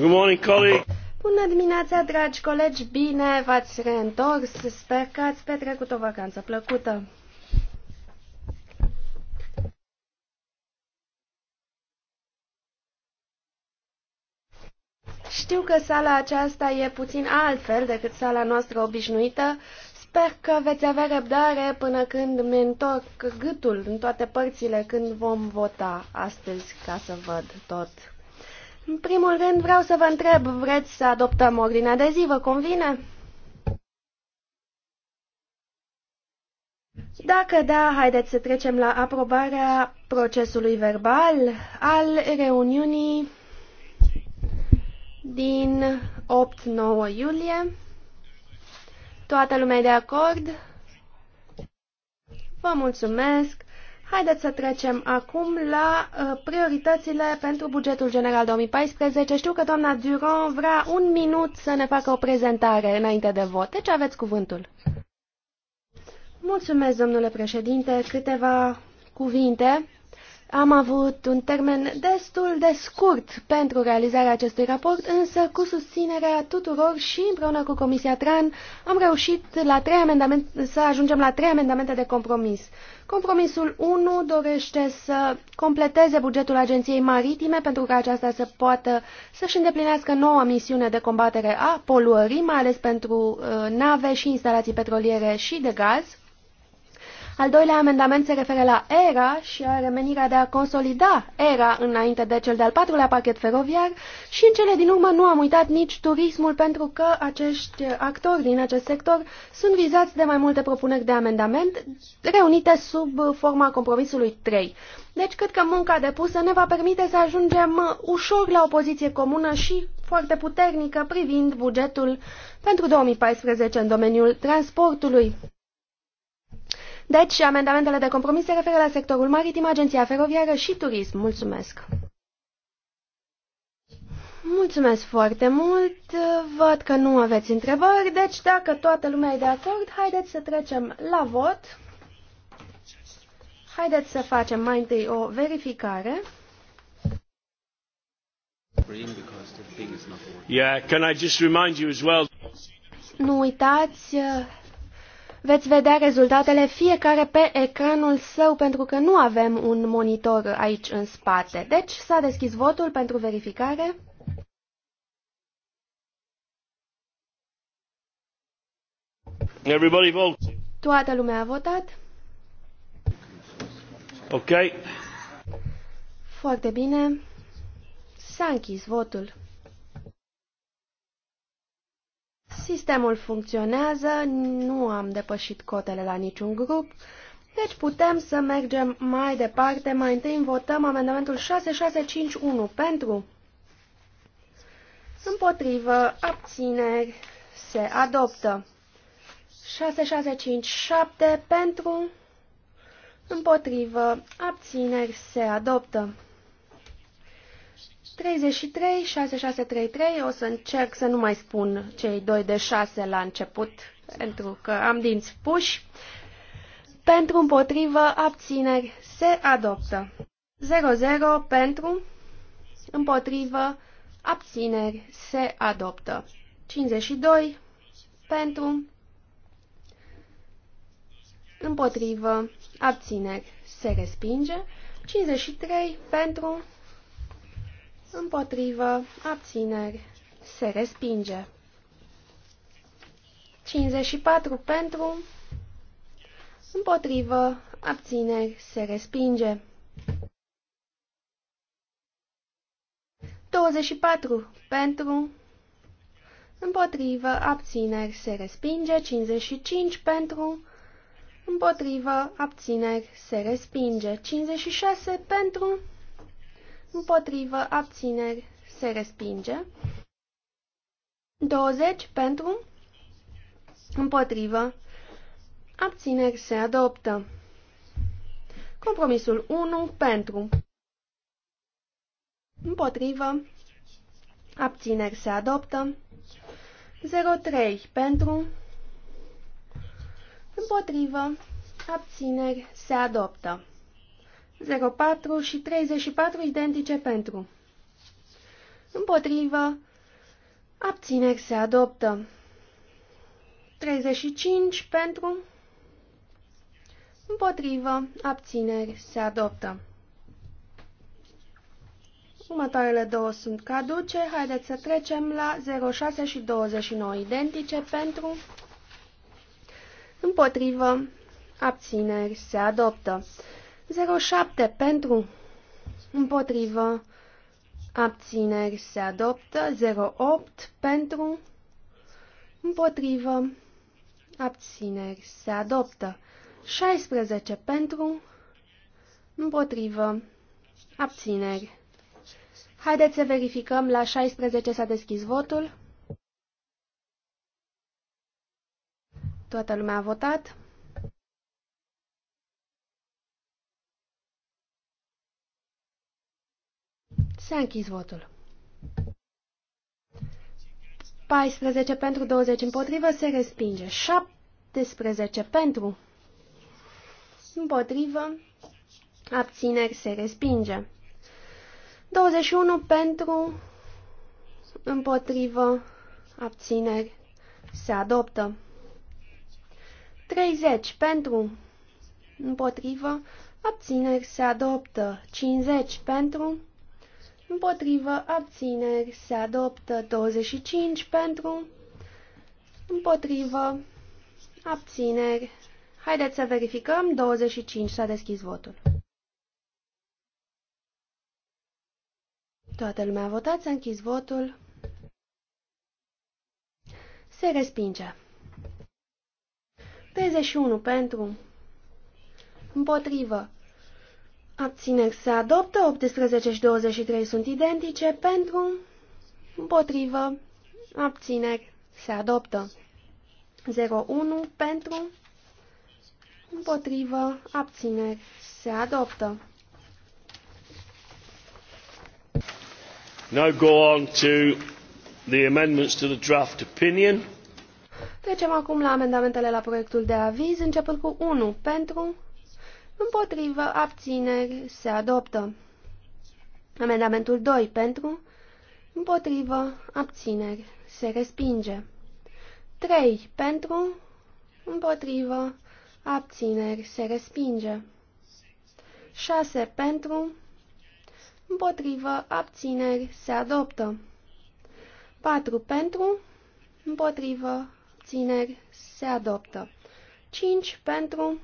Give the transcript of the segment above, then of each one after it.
Good morning, colleague. Bună dimineața, dragi colegi! Bine v-ați reîntors! Sper că ați petrecut o vacanță plăcută! Știu că sala aceasta e puțin altfel decât sala noastră obișnuită. Sper că veți avea răbdare până când mi întorc gâtul în toate părțile când vom vota astăzi ca să văd tot. În primul rând vreau să vă întreb, vreți să adoptăm ordinea de zi, vă convine? Dacă da, haideți să trecem la aprobarea procesului verbal al reuniunii din 8-9 iulie. Toată lumea de acord? Vă mulțumesc! Haideți să trecem acum la uh, prioritățile pentru bugetul general 2014. Știu că doamna Duron vrea un minut să ne facă o prezentare înainte de vot, deci aveți cuvântul. Mulțumesc, domnule președinte. Câteva cuvinte. Am avut un termen destul de scurt pentru realizarea acestui raport, însă cu susținerea tuturor și împreună cu Comisia Tran am reușit la trei amendamente, să ajungem la trei amendamente de compromis. Compromisul 1 dorește să completeze bugetul Agenției Maritime pentru ca aceasta să poată să-și îndeplinească noua misiune de combatere a poluării, mai ales pentru uh, nave și instalații petroliere și de gaz. Al doilea amendament se referă la ERA și are remenirea de a consolida ERA înainte de cel de-al patrulea pachet feroviar și în cele din urmă nu am uitat nici turismul pentru că acești actori din acest sector sunt vizați de mai multe propuneri de amendament reunite sub forma compromisului 3. Deci cred că munca depusă ne va permite să ajungem ușor la o poziție comună și foarte puternică privind bugetul pentru 2014 în domeniul transportului. Deci, amendamentele de compromis se referă la sectorul maritim, agenția feroviară și turism. Mulțumesc! Mulțumesc foarte mult! Văd că nu aveți întrebări, deci dacă toată lumea e de acord, haideți să trecem la vot. Haideți să facem mai întâi o verificare. Yeah, can I just remind you as well? Nu uitați, Veți vedea rezultatele fiecare pe ecranul său pentru că nu avem un monitor aici în spate. Deci s-a deschis votul pentru verificare. Everybody votes. Toată lumea a votat. Ok. Foarte bine. S-a închis votul. Sistemul funcționează, nu am depășit cotele la niciun grup, deci putem să mergem mai departe. Mai întâi votăm amendamentul 6651 pentru, împotrivă, abțineri, se adoptă. 6657 pentru, împotrivă, abțineri, se adoptă. 33, 6633, o să încerc să nu mai spun cei doi de 6 la început, pentru că am dinți puși. Pentru împotrivă, abțineri, se adoptă. 00 pentru împotrivă, abțineri, se adoptă. 52 pentru împotrivă, abțineri, se respinge. 53 pentru împotrivă, abțineri, se respinge. 54 pentru, împotrivă, abțineri, se respinge. 24 pentru, împotrivă, abțineri, se respinge. 55 pentru, împotrivă, abțineri, se respinge. 56 pentru, împotrivă, abțineri, se respinge. 20 pentru, împotrivă, abțineri, se adoptă. Compromisul 1 pentru, împotrivă, abțineri, se adoptă. 03 pentru, împotrivă, abțineri, se adoptă. 04 și 34 identice pentru. Împotrivă. Abțineri se adoptă. 35 pentru. Împotrivă. Abțineri se adoptă. Următoarele două sunt caduce. Haideți să trecem la 06 și 29 identice pentru. Împotrivă. Abțineri se adoptă. 07 pentru, împotrivă, abțineri se adoptă. 08 pentru, împotrivă, abțineri se adoptă. 16 pentru, împotrivă, abțineri. Haideți să verificăm, la 16 s-a deschis votul. Toată lumea a votat. S-a închis votul. 14 pentru 20 împotrivă se respinge. 17 pentru împotrivă abțineri se respinge. 21 pentru împotrivă abțineri se adoptă. 30 pentru împotrivă abțineri se adoptă. 50 pentru împotrivă, abțineri, se adoptă 25 pentru, împotrivă, abțineri. Haideți să verificăm, 25 s-a deschis votul. Toată lumea a votat, s-a închis votul. Se respinge. 31 pentru, împotrivă, Abțineri se adoptă, 18 și 23 sunt identice, pentru, împotrivă, abțineri se adoptă. 01 pentru, împotrivă, abțineri se adoptă. Now go on to the amendments to the draft opinion. Trecem acum la amendamentele la proiectul de aviz, începând cu 1 pentru, Împotrivă, abțineri, se adoptă. Amendamentul 2 pentru, împotrivă, abțineri, se respinge. 3 pentru, împotrivă, abțineri, se respinge. 6 pentru, împotrivă, abțineri, se adoptă. 4 pentru, împotrivă, abțineri, se adoptă. 5 pentru,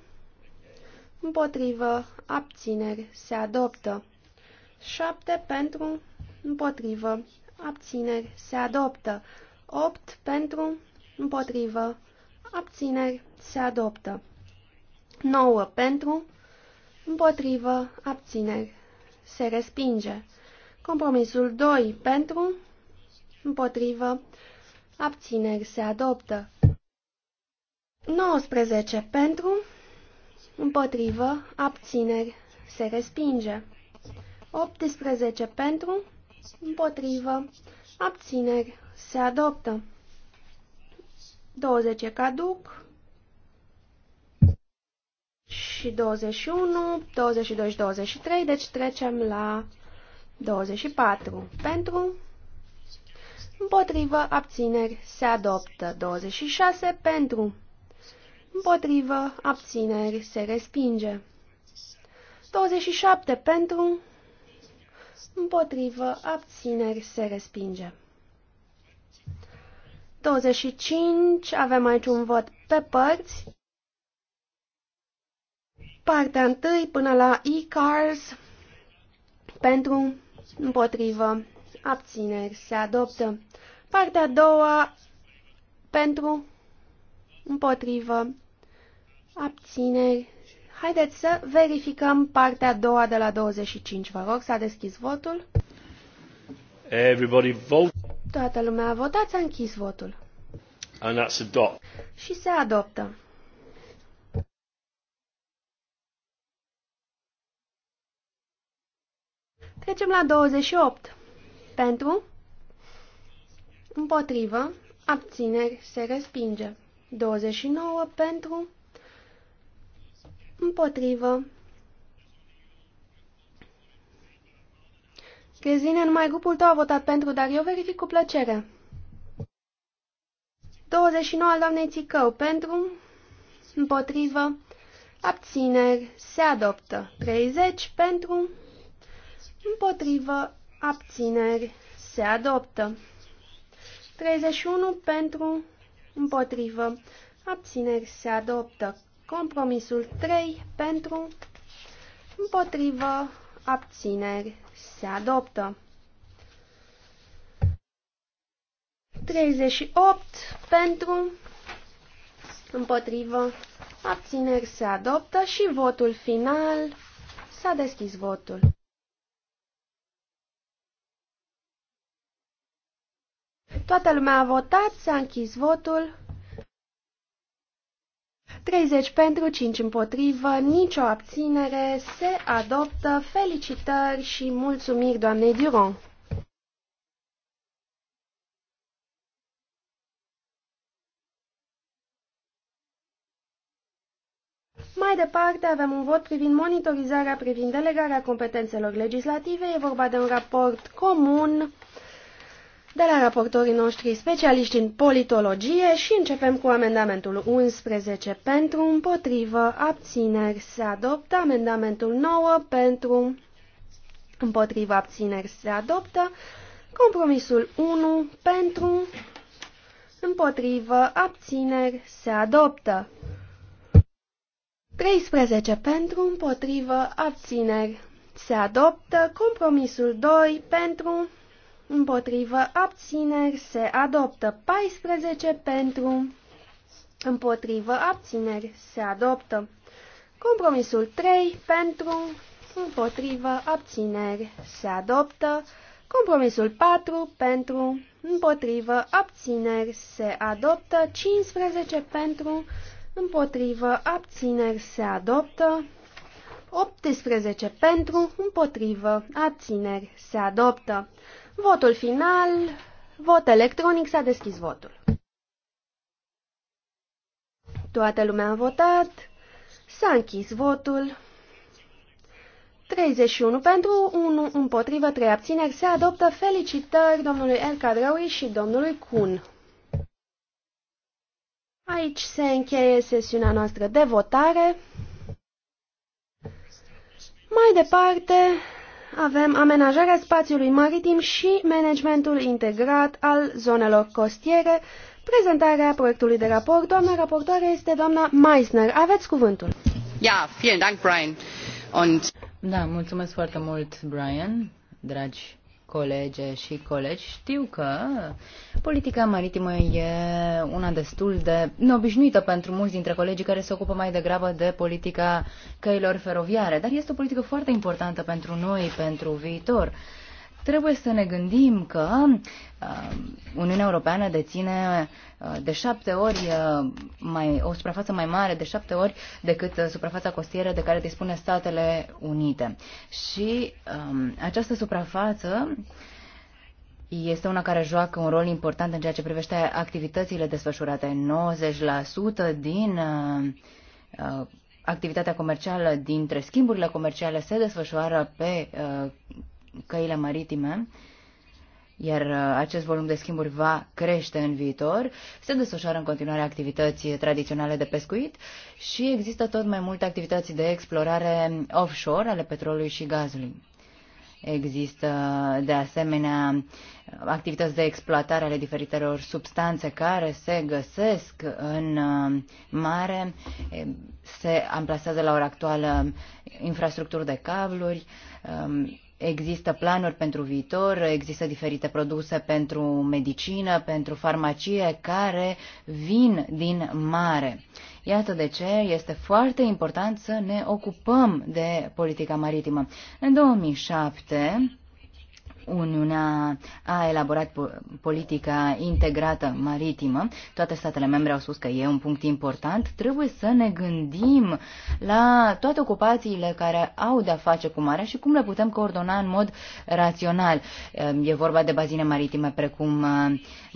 împotrivă, abțineri, se adoptă. 7 pentru, împotrivă, abțineri, se adoptă. 8 pentru, împotrivă, abțineri, se adoptă. 9 pentru, împotrivă, abțineri, se respinge. Compromisul 2 pentru, împotrivă, abțineri, se adoptă. 19 pentru, Împotrivă, abțineri, se respinge. 18 pentru, împotrivă, abțineri, se adoptă. 20 caduc și 21, 22 și 23, deci trecem la 24. Pentru, împotrivă, abțineri, se adoptă. 26 pentru, Împotrivă, abțineri, se respinge. 27 pentru, împotrivă, abțineri, se respinge. 25, avem aici un vot pe părți. Partea întâi până la e-cars, pentru, împotrivă, abțineri, se adoptă. Partea a doua, pentru, împotrivă, Abțineri. Haideți să verificăm partea a doua de la 25, vă rog. S-a deschis votul. Everybody vote. Toată lumea a votat, s-a închis votul. And that's adopt. Și se adoptă. Trecem la 28. Pentru, împotrivă, abțineri, se respinge. 29 pentru, Împotrivă. Crezine, numai grupul tău a votat pentru, dar eu verific cu plăcere. 29 al doamnei Țicău pentru, împotrivă, abțineri, se adoptă. 30 pentru, împotrivă, abțineri, se adoptă. 31 pentru, împotrivă, abțineri, se adoptă. Compromisul 3 pentru, împotrivă, abțineri, se adoptă. 38 pentru, împotrivă, abțineri se adoptă și votul final, s-a deschis votul. Toată lumea a votat, s-a închis votul. 30 pentru, 5 împotrivă, nicio abținere, se adoptă. Felicitări și mulțumiri doamnei Durand. Mai departe avem un vot privind monitorizarea privind delegarea competențelor legislative. E vorba de un raport comun de la raportorii noștri specialiști în politologie și începem cu amendamentul 11 pentru împotrivă, abțineri se adoptă, amendamentul 9 pentru împotrivă, abțineri se adoptă, compromisul 1 pentru împotrivă, abțineri se adoptă. 13 pentru, împotrivă, abțineri. Se adoptă compromisul 2 pentru, împotrivă, abțineri, se adoptă. 14 pentru, împotrivă, abțineri, se adoptă. Compromisul 3 pentru, împotrivă, abțineri, se adoptă. Compromisul 4 pentru, împotrivă, abțineri, se adoptă. 15 pentru, împotrivă, abțineri, se adoptă. 18 pentru, împotrivă, abțineri, se adoptă. Votul final, vot electronic, s-a deschis votul. Toată lumea a votat, s-a închis votul. 31 pentru, 1 împotrivă, 3 abțineri. Se adoptă felicitări domnului El Cadraui și domnului Kun. Aici se încheie sesiunea noastră de votare. Mai departe, avem amenajarea spațiului maritim și managementul integrat al zonelor costiere. Prezentarea proiectului de raport, doamna raportoare, este doamna Meisner. Aveți cuvântul. Ja, vielen Dank, Brian. Und... Da, mulțumesc foarte mult, Brian, dragi colege și colegi, știu că politica maritimă e una destul de neobișnuită pentru mulți dintre colegii care se ocupă mai degrabă de politica căilor feroviare, dar este o politică foarte importantă pentru noi, pentru viitor. Trebuie să ne gândim că uh, Uniunea Europeană deține uh, de șapte ori uh, mai, o suprafață mai mare, de șapte ori decât suprafața costieră de care dispune Statele Unite. Și uh, această suprafață este una care joacă un rol important în ceea ce privește activitățile desfășurate. 90% din uh, activitatea comercială, dintre schimburile comerciale, se desfășoară pe uh, căile maritime, iar uh, acest volum de schimburi va crește în viitor, se desfășoară în continuare activități tradiționale de pescuit și există tot mai multe activități de explorare offshore ale petrolului și gazului. Există, de asemenea, activități de exploatare ale diferitelor substanțe care se găsesc în uh, mare, se amplasează la ora actuală infrastructuri de cabluri, um, Există planuri pentru viitor, există diferite produse pentru medicină, pentru farmacie care vin din mare. Iată de ce este foarte important să ne ocupăm de politica maritimă. În 2007, Uniunea a elaborat politica integrată maritimă. Toate statele membre au spus că e un punct important. Trebuie să ne gândim la toate ocupațiile care au de-a face cu marea și cum le putem coordona în mod rațional. Ehm, e vorba de bazine maritime precum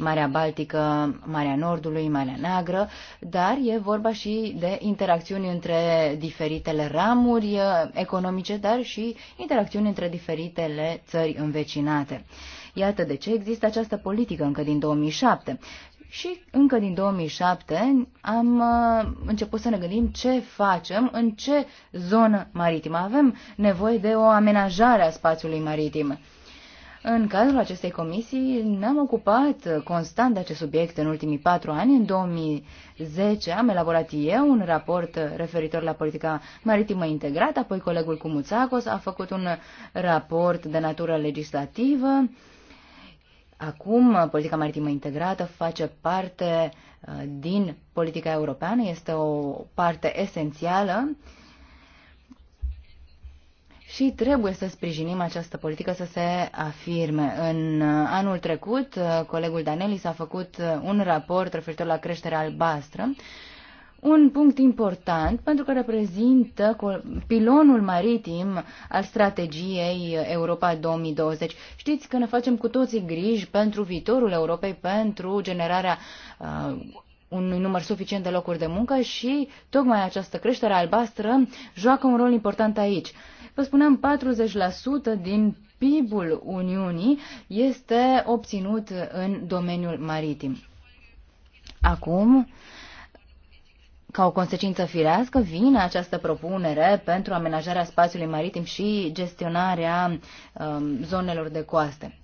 Marea Baltică, Marea Nordului, Marea Neagră, dar e vorba și de interacțiuni între diferitele ramuri economice, dar și interacțiuni între diferitele țări învecinate. Iată de ce există această politică încă din 2007. Și încă din 2007 am uh, început să ne gândim ce facem, în ce zonă maritimă avem nevoie de o amenajare a spațiului maritim. În cadrul acestei comisii ne-am ocupat constant de acest subiect în ultimii patru ani. În 2010 am elaborat eu un raport referitor la politica maritimă integrată, apoi colegul Cumuțacos a făcut un raport de natură legislativă. Acum, politica maritimă integrată face parte uh, din politica europeană, este o parte esențială și trebuie să sprijinim această politică să se afirme. În uh, anul trecut, uh, colegul Daneli s-a făcut uh, un raport referitor la creșterea albastră, un punct important pentru că reprezintă pilonul maritim al strategiei Europa 2020. Știți că ne facem cu toții griji pentru viitorul Europei, pentru generarea uh, unui număr suficient de locuri de muncă și tocmai această creștere albastră joacă un rol important aici. Vă spuneam, 40% din PIB-ul Uniunii este obținut în domeniul maritim. Acum, ca o consecință firească, vine această propunere pentru amenajarea spațiului maritim și gestionarea um, zonelor de coaste.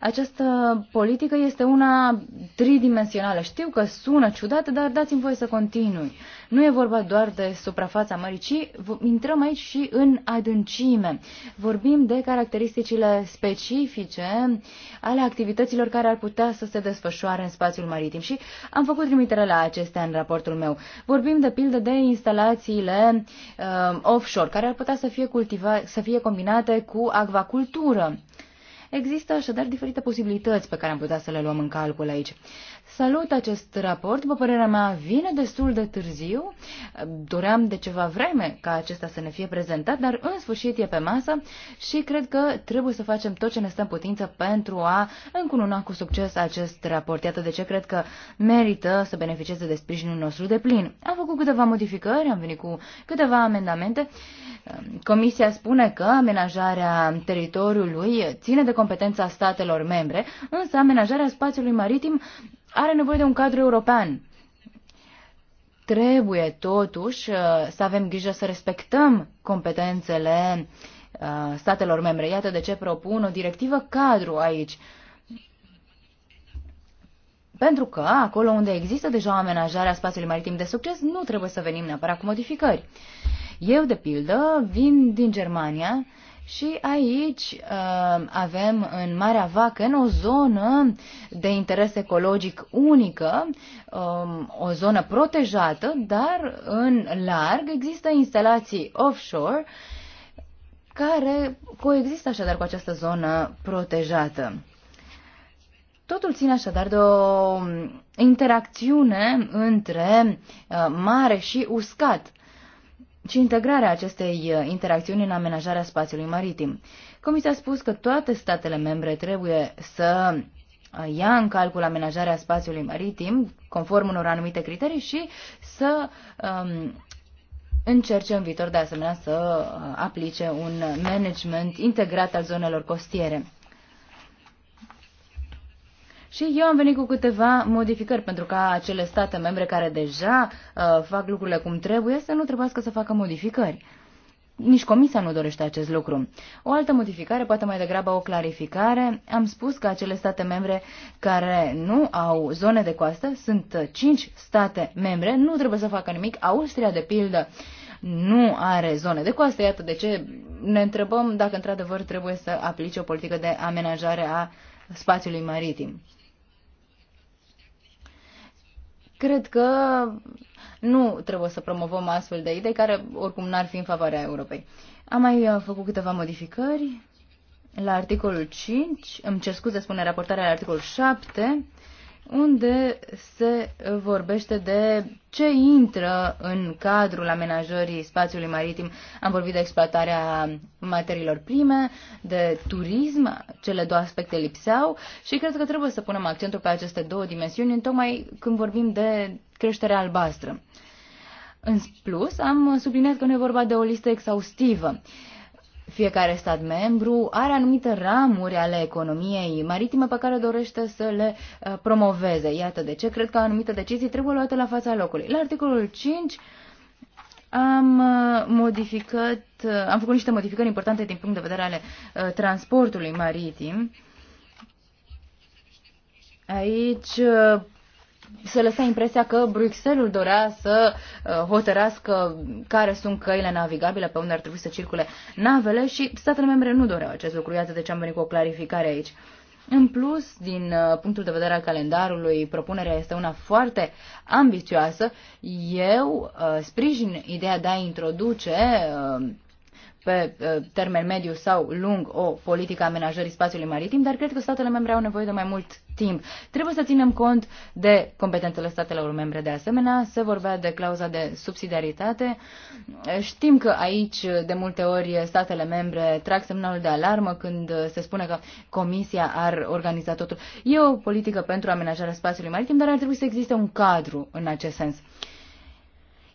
Această politică este una tridimensională. Știu că sună ciudat, dar dați-mi voie să continui. Nu e vorba doar de suprafața mării, ci intrăm aici și în adâncime. Vorbim de caracteristicile specifice ale activităților care ar putea să se desfășoare în spațiul maritim și am făcut trimitere la acestea în raportul meu. Vorbim de pildă de instalațiile uh, offshore, care ar putea să fie, cultiva- să fie combinate cu acvacultură. Există așadar diferite posibilități pe care am putea să le luăm în calcul aici. Salut acest raport, după părerea mea vine destul de târziu, doream de ceva vreme ca acesta să ne fie prezentat, dar în sfârșit e pe masă și cred că trebuie să facem tot ce ne stă în putință pentru a încununa cu succes acest raport. Iată de ce cred că merită să beneficieze de sprijinul nostru de plin. Am făcut câteva modificări, am venit cu câteva amendamente. Comisia spune că amenajarea teritoriului ține de competența statelor membre, însă amenajarea spațiului maritim are nevoie de un cadru european. Trebuie totuși uh, să avem grijă să respectăm competențele uh, statelor membre. Iată de ce propun o directivă cadru aici. Pentru că acolo unde există deja amenajarea spațiului maritim de succes, nu trebuie să venim neapărat cu modificări. Eu, de pildă, vin din Germania și aici uh, avem în Marea Vacă, în o zonă de interes ecologic unică, um, o zonă protejată, dar în larg există instalații offshore care coexistă așadar cu această zonă protejată. Totul ține așadar de o interacțiune între uh, mare și uscat ci integrarea acestei uh, interacțiuni în amenajarea spațiului maritim. Comisia a spus că toate statele membre trebuie să uh, ia în calcul amenajarea spațiului maritim, conform unor anumite criterii, și să um, încerce în viitor, de asemenea, să uh, aplice un management integrat al zonelor costiere. Și eu am venit cu câteva modificări pentru ca acele state membre care deja uh, fac lucrurile cum trebuie să nu trebuiască să facă modificări. Nici comisia nu dorește acest lucru. O altă modificare, poate mai degrabă o clarificare, am spus că acele state membre care nu au zone de coastă sunt cinci state membre, nu trebuie să facă nimic. Austria, de pildă, nu are zone de coastă, iată de ce ne întrebăm dacă într-adevăr trebuie să aplice o politică de amenajare a spațiului maritim. Cred că nu trebuie să promovăm astfel de idei care oricum n-ar fi în favoarea Europei. Am mai uh, făcut câteva modificări la articolul 5, îmi cer scuze, spune raportarea la articolul 7, unde se vorbește de ce intră în cadrul amenajării spațiului maritim. Am vorbit de exploatarea materiilor prime, de turism, cele două aspecte lipseau și cred că trebuie să punem accentul pe aceste două dimensiuni, tocmai când vorbim de creșterea albastră. În plus, am subliniat că nu e vorba de o listă exhaustivă. Uh, fiecare stat membru are anumite ramuri ale economiei maritime pe care dorește să le uh, promoveze. Iată de ce cred că anumite decizii trebuie luate la fața locului. La articolul 5 am uh, modificat, uh, am făcut niște modificări importante din punct de vedere ale transportului maritim. Aici se lăsa impresia că Bruxelles dorea să uh, hotărască care sunt căile navigabile pe unde ar trebui să circule navele și statele membre nu doreau acest lucru. Iată de ce am venit cu o clarificare aici. În plus, din uh, punctul de vedere al calendarului, propunerea este una foarte ambițioasă. Eu uh, sprijin ideea de a introduce pe uh, termen mediu sau lung o politică a amenajării spațiului maritim, dar cred că statele membre au nevoie de mai mult timp. Trebuie să ținem cont de competențele statelor membre. De asemenea, se vorbea de clauza de subsidiaritate. Știm că aici, de multe ori, statele membre trag semnalul de alarmă când se spune că Comisia ar organiza totul. E o politică pentru amenajarea spațiului maritim, dar ar trebui să existe un cadru în acest sens.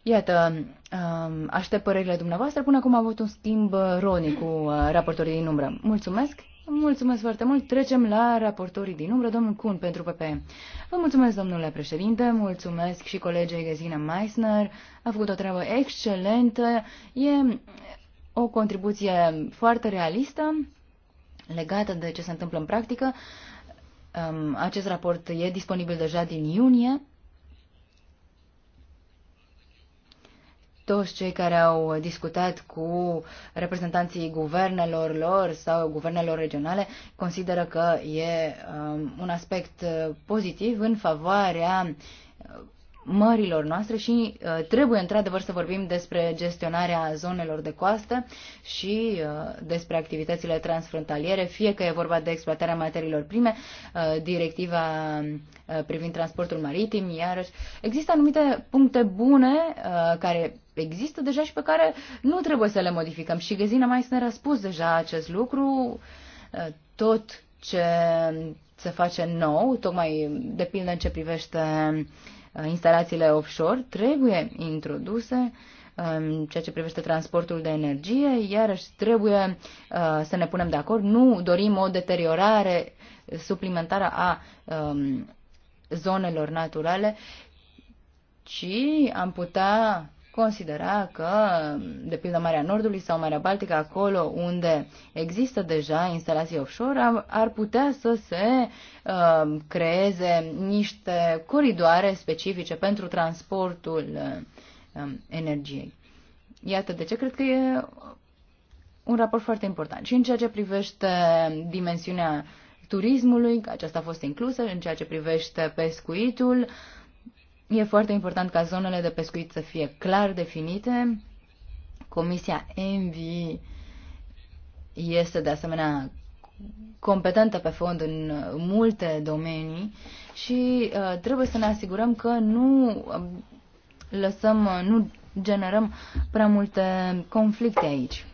Iată, um, aștept părerile dumneavoastră. Până acum a avut un schimb ronic cu uh, raportorii din umbră. Mulțumesc! Mulțumesc foarte mult. Trecem la raportorii din umbră, domnul Cun, pentru PP. Vă mulțumesc, domnule președinte, mulțumesc și colegei gazina Meissner. A făcut o treabă excelentă. E o contribuție foarte realistă legată de ce se întâmplă în practică. Um, acest raport e disponibil deja din iunie toți cei care au discutat cu reprezentanții guvernelor lor sau guvernelor regionale consideră că e um, un aspect uh, pozitiv în favoarea uh, mărilor noastre și uh, trebuie într-adevăr să vorbim despre gestionarea zonelor de coastă și uh, despre activitățile transfrontaliere, fie că e vorba de exploatarea materiilor prime, uh, directiva uh, privind transportul maritim, iarăși. Există anumite puncte bune care există deja și pe care nu trebuie să le modificăm. Și Găzina mai ne răspuns deja acest lucru. Eh, tot ce se face nou, tocmai de pildă în ce privește eh, instalațiile offshore, trebuie introduse eh, ceea ce privește transportul de energie, iarăși trebuie să ne punem de acord. Nu dorim o deteriorare suplimentară a zonelor naturale, ci am putea considera că, de pildă Marea Nordului sau Marea Baltică, acolo unde există deja instalații offshore, ar putea să se uh, creeze niște coridoare specifice pentru transportul uh, um, energiei. Iată de ce cred că e un raport foarte important. Și în ceea ce privește dimensiunea turismului, că aceasta a fost inclusă, în ceea ce privește pescuitul, uh, E foarte important ca zonele de pescuit să fie clar definite. Comisia ENVI este de asemenea competentă pe fond în multe domenii și uh, trebuie să ne asigurăm că nu um, lăsăm, uh, nu generăm prea multe conflicte aici.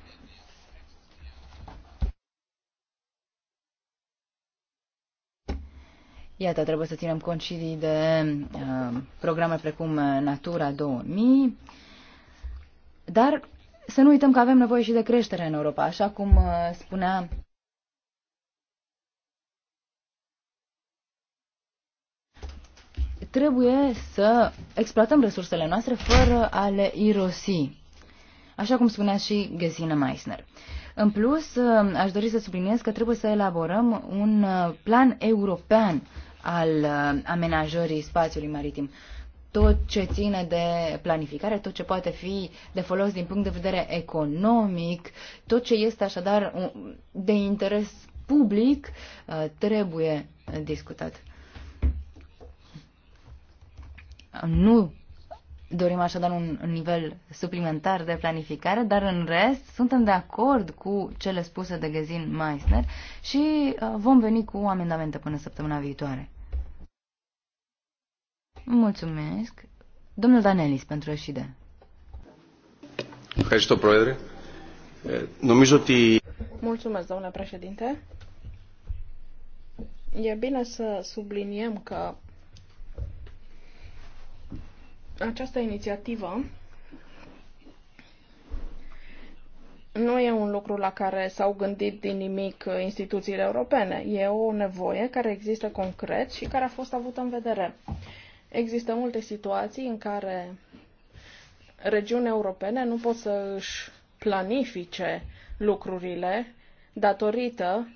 Iată, trebuie să ținem cont și de uh, programe precum uh, Natura 2000, dar să nu uităm că avem nevoie și de creștere în Europa, așa cum uh, spunea trebuie să exploatăm resursele noastre fără a le irosi, așa cum spunea și Gesine Meissner. În plus, uh, aș dori să subliniez că trebuie să elaborăm un uh, plan european al uh, amenajării spațiului maritim. Tot ce ține de planificare, tot ce poate fi de folos din punct de vedere economic, tot ce este așadar de interes public, uh, trebuie discutat. Nu Dorim așadar un nivel suplimentar de planificare, dar în rest suntem de acord cu cele spuse de Gezin Meissner și uh, vom veni cu amendamente până săptămâna viitoare. Mulțumesc. Domnul Danelis, pentru ieșide. Mulțumesc, domnule președinte. E bine să subliniem că această inițiativă nu e un lucru la care s-au gândit din nimic instituțiile europene. E o nevoie care există concret și care a fost avută în vedere. Există multe situații în care regiuni europene nu pot să își planifice lucrurile datorită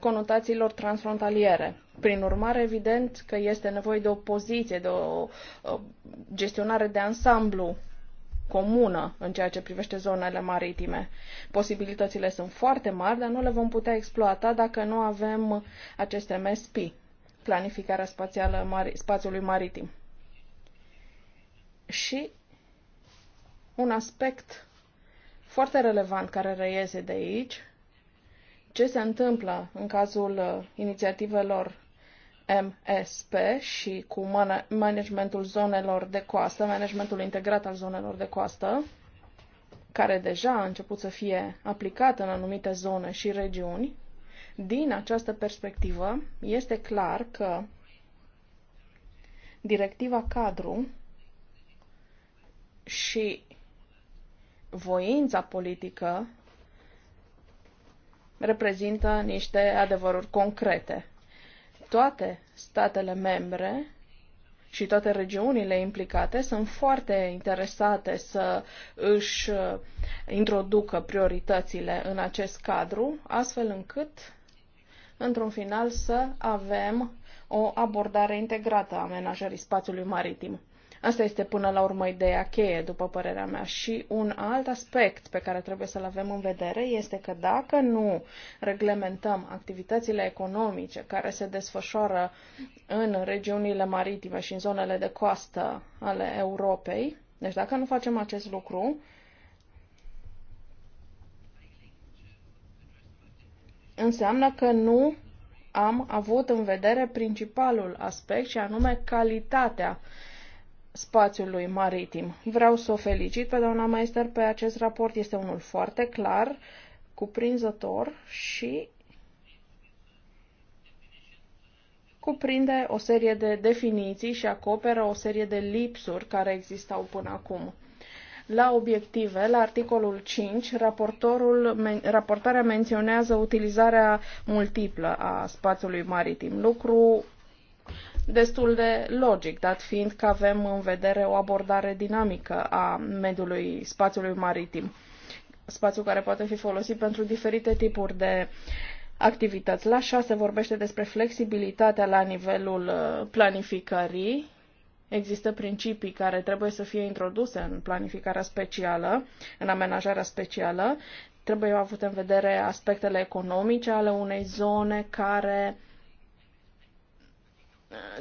conotațiilor transfrontaliere. Prin urmare, evident că este nevoie de o poziție, de o, gestionare de ansamblu comună în ceea ce privește zonele maritime. Posibilitățile sunt foarte mari, dar nu le vom putea exploata dacă nu avem aceste MSP, planificarea spațială mari, spațiului maritim. Și un aspect foarte relevant care reiese de aici ce se întâmplă în cazul uh, inițiativelor MSP și cu managementul zonelor de coastă, managementul integrat al zonelor de coastă, care deja a început să fie aplicat în anumite zone și regiuni, din această perspectivă este clar că directiva cadru și voința politică reprezintă niște adevăruri concrete. Toate statele membre și toate regiunile implicate sunt foarte interesate să își uh, introducă prioritățile în acest cadru, astfel încât, într-un final, să avem o abordare integrată a amenajării spațiului maritim. Asta este până la urmă ideea cheie, după părerea mea. Și un alt aspect pe care trebuie să-l avem în vedere este că dacă nu reglementăm activitățile economice care se desfășoară în regiunile maritime și în zonele de coastă ale Europei, deci dacă nu facem acest lucru, înseamnă că nu am avut în vedere principalul aspect și anume calitatea spațiului maritim. Vreau să o felicit pe doamna Meister pe acest raport. Este unul foarte clar, cuprinzător și cuprinde o serie de definiții și acoperă o serie de lipsuri care existau până acum. La obiective, la articolul 5, raportorul, raportarea menționează utilizarea multiplă a spațiului maritim, lucru destul de logic, dat fiind că avem în vedere o abordare dinamică a mediului spațiului maritim, spațiu care poate fi folosit pentru diferite tipuri de activități. La 6 vorbește despre flexibilitatea la nivelul uh, planificării. Există principii care trebuie să fie introduse în planificarea specială, în amenajarea specială. Trebuie avut în vedere aspectele economice ale unei zone care uh,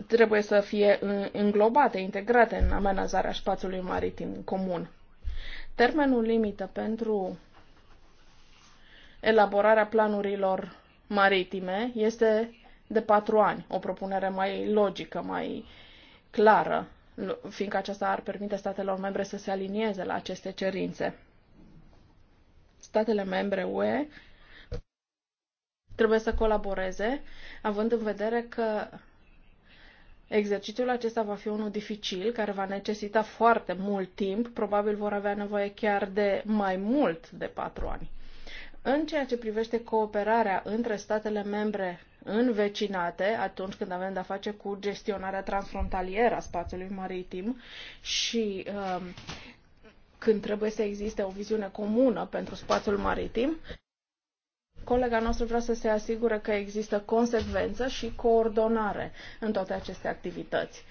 trebuie să fie înglobate, integrate în amenazarea spațiului maritim comun. Termenul limită pentru elaborarea planurilor maritime este de patru ani, o propunere mai logică, mai clară, fiindcă aceasta ar permite statelor membre să se alinieze la aceste cerințe. Statele membre UE trebuie să colaboreze, având în vedere că Exercițiul acesta va fi unul dificil, care va necesita foarte mult timp, probabil vor avea nevoie chiar de mai mult de patru ani. În ceea ce privește cooperarea între statele membre învecinate, atunci când avem de-a face cu gestionarea transfrontalieră a spațiului maritim și uh, când trebuie să existe o viziune comună pentru spațiul maritim, Colega noastră vrea să se asigure că există consecvență și coordonare în toate aceste activități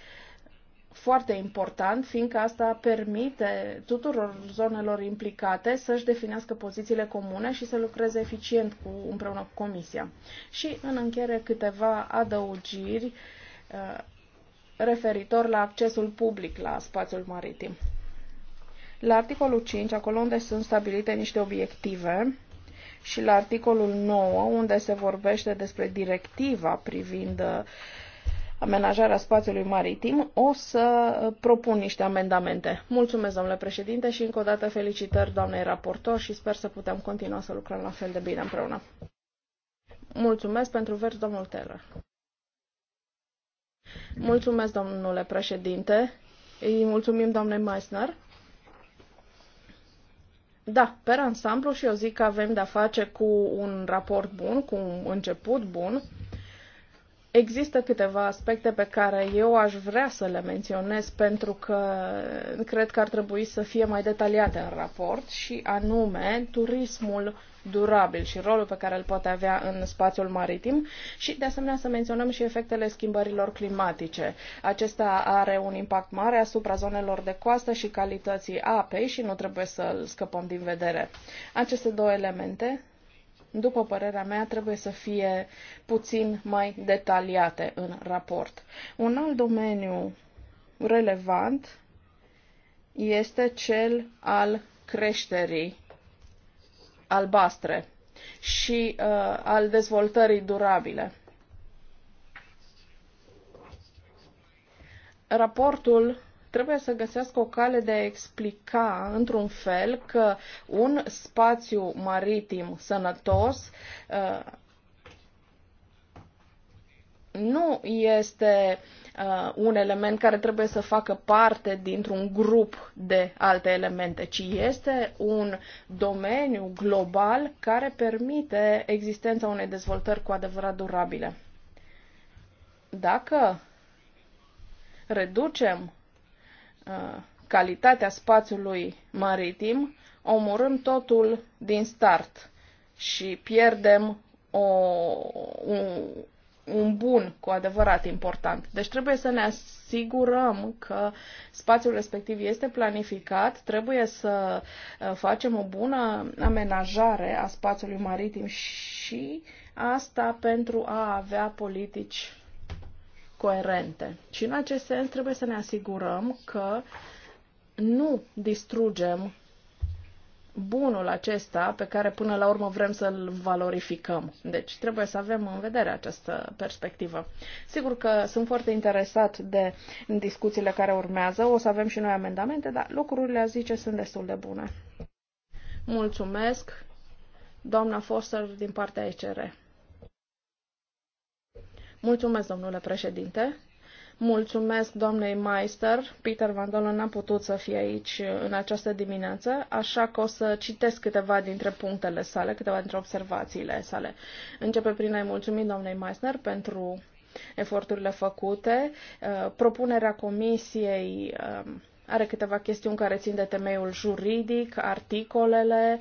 foarte important, fiindcă asta permite tuturor zonelor implicate să-și definească pozițiile comune și să lucreze eficient cu, împreună cu Comisia. Și, în încheiere, câteva adăugiri uh, referitor la accesul public la spațiul maritim. La articolul 5, acolo unde sunt stabilite niște obiective, și la articolul 9, unde se vorbește despre directiva privind uh, amenajarea spațiului maritim, o să uh, propun niște amendamente. Mulțumesc, domnule președinte, și încă o dată felicitări doamnei raportor și sper să putem continua să lucrăm la fel de bine împreună. Mulțumesc pentru vers, domnul Taylor. Mulțumesc, domnule președinte. Îi mulțumim, doamne Meissner. Da, pe ansamblu și eu zic că avem de-a face cu un raport bun, cu un început bun Există câteva aspecte pe care eu aș vrea să le menționez pentru că cred că ar trebui să fie mai detaliate în raport și anume turismul durabil și rolul pe care îl poate avea în spațiul maritim și de asemenea să menționăm și efectele schimbărilor climatice. Acesta are un impact mare asupra zonelor de coastă și calității apei și nu trebuie să îl scăpăm din vedere. Aceste două elemente după părerea mea, trebuie să fie puțin mai detaliate în raport. Un alt domeniu relevant este cel al creșterii albastre și uh, al dezvoltării durabile. Raportul trebuie să găsească o cale de a explica într-un fel că un spațiu maritim sănătos uh, nu este uh, un element care trebuie să facă parte dintr-un grup de alte elemente, ci este un domeniu global care permite existența unei dezvoltări cu adevărat durabile. Dacă reducem Uh, calitatea spațiului maritim, omorâm totul din start și pierdem o, un, un bun cu adevărat important. Deci trebuie să ne asigurăm că spațiul respectiv este planificat, trebuie să uh, facem o bună amenajare a spațiului maritim și asta pentru a avea politici coerente. Și în acest sens trebuie să ne asigurăm că nu distrugem bunul acesta pe care până la urmă vrem să-l valorificăm. Deci trebuie să avem în vedere această perspectivă. Sigur că sunt foarte interesat de discuțiile care urmează, o să avem și noi amendamente, dar lucrurile, a zice, sunt destul de bune. Mulțumesc, doamna Foster, din partea ECR. Mulțumesc, domnule președinte. Mulțumesc doamnei Meister. Peter Van Dolen n-a putut să fie aici în această dimineață, așa că o să citesc câteva dintre punctele sale, câteva dintre observațiile sale. Începe prin a-i mulțumi doamnei Meister pentru eforturile făcute. Uh, propunerea comisiei um, are câteva chestiuni care țin de temeiul juridic, articolele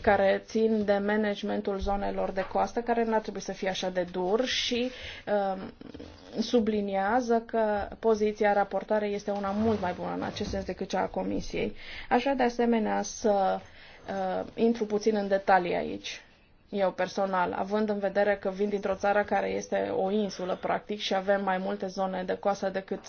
care țin de managementul zonelor de coastă, care nu ar trebui să fie așa de dur și um, subliniază că poziția raportare este una mult mai bună în acest sens decât cea a Comisiei. Aș vrea de asemenea să uh, intru puțin în detalii aici eu personal, având în vedere că vin dintr-o țară care este o insulă, practic, și avem mai multe zone de coastă decât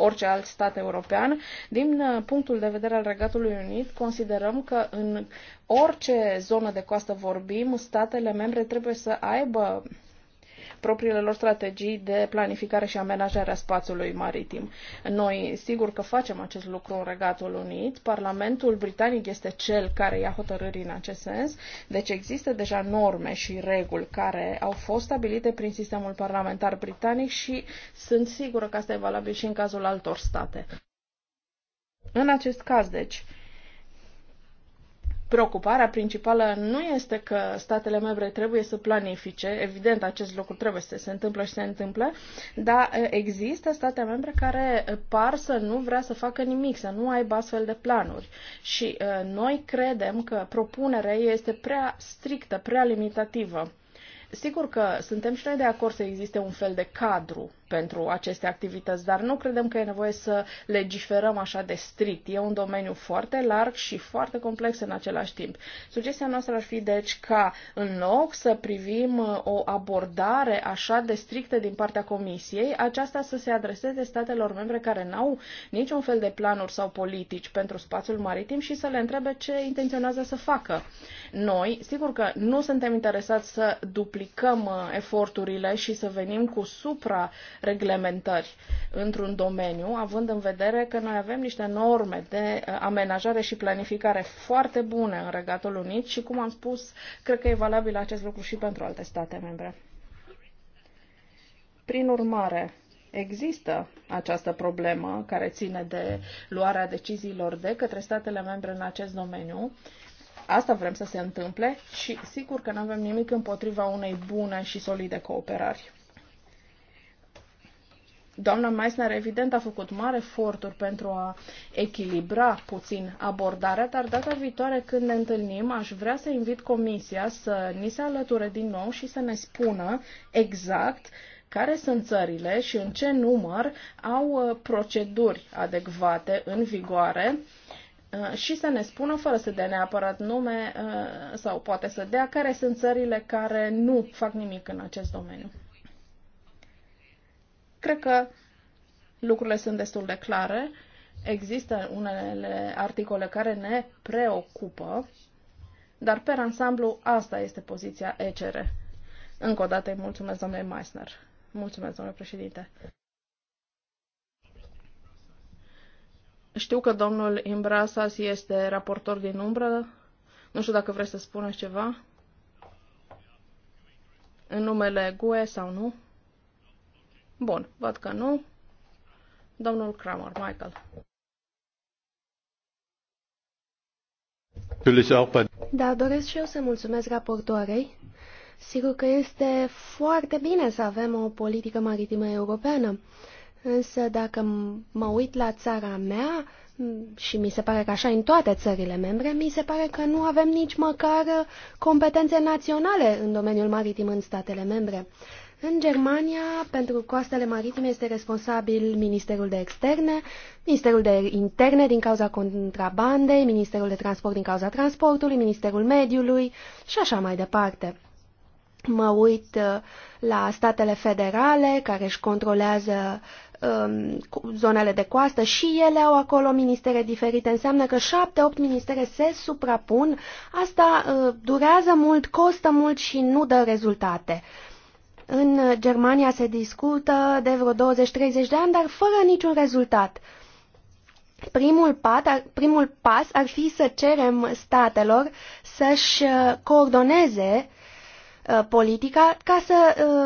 orice alt stat european, din uh, punctul de vedere al Regatului Unit, considerăm că în orice zonă de coastă vorbim, statele membre trebuie să aibă propriile lor strategii de planificare și amenajare a spațiului maritim. Noi sigur că facem acest lucru în Regatul Unit. Parlamentul britanic este cel care ia hotărâri în acest sens, deci există deja norme și reguli care au fost stabilite prin sistemul parlamentar britanic și sunt sigură că asta e valabil și în cazul altor state. În acest caz, deci, Preocuparea principală nu este că statele membre trebuie să planifice, evident acest lucru trebuie să se întâmple și se întâmplă, dar există state membre care par să nu vrea să facă nimic, să nu aibă astfel de planuri. Și noi credem că propunerea este prea strictă, prea limitativă. Sigur că suntem și noi de acord să existe un fel de cadru pentru aceste activități, dar nu credem că e nevoie să legiferăm așa de strict. E un domeniu foarte larg și foarte complex în același timp. Sugestia noastră ar fi, deci, ca în loc să privim uh, o abordare așa de strictă din partea Comisiei, aceasta să se adreseze statelor membre care n-au niciun fel de planuri sau politici pentru spațiul maritim și să le întrebe ce intenționează să facă. Noi, sigur că nu suntem interesați să duplicăm uh, eforturile și să venim cu supra reglementări într-un domeniu, având în vedere că noi avem niște norme de uh, amenajare și planificare foarte bune în Regatul Unit și, cum am spus, cred că e valabil acest lucru și pentru alte state membre. Prin urmare, există această problemă care ține de luarea deciziilor de către statele membre în acest domeniu. Asta vrem să se întâmple și sigur că nu avem nimic împotriva unei bune și solide cooperări. Doamna Meissner, evident, a făcut mari eforturi pentru a echilibra puțin abordarea, dar data viitoare când ne întâlnim, aș vrea să invit Comisia să ni se alăture din nou și să ne spună exact care sunt țările și în ce număr au uh, proceduri adecvate în vigoare uh, și să ne spună, fără să dea neapărat nume uh, sau poate să dea, care sunt țările care nu fac nimic în acest domeniu. Cred că lucrurile sunt destul de clare. Există unele articole care ne preocupă, dar per ansamblu asta este poziția ECR. Încă o dată îi mulțumesc domnule Meissner. Mulțumesc, domnule președinte. Știu că domnul Imbrasas este raportor din umbră. Nu știu dacă vreți să spuneți ceva. În numele GUE sau nu? Bun, văd că nu. Domnul Kramer, Michael. Da, doresc și eu să mulțumesc raportoarei. Sigur că este foarte bine să avem o politică maritimă europeană, însă dacă mă uit la țara mea, și mi se pare că așa în toate țările membre, mi se pare că nu avem nici măcar competențe naționale în domeniul maritim în statele membre. În Germania, pentru coastele maritime este responsabil Ministerul de Externe, Ministerul de Interne din cauza contrabandei, Ministerul de Transport din cauza transportului, Ministerul Mediului și așa mai departe. Mă uit uh, la statele federale care își controlează um, zonele de coastă și ele au acolo ministere diferite. Înseamnă că șapte-opt ministere se suprapun. Asta uh, durează mult, costă mult și nu dă rezultate. Uh, în Germania se discută de vreo 20-30 de ani, dar fără niciun rezultat. Primul, pat, ar, primul pas ar fi să cerem statelor să-și uh, coordoneze uh, politica ca să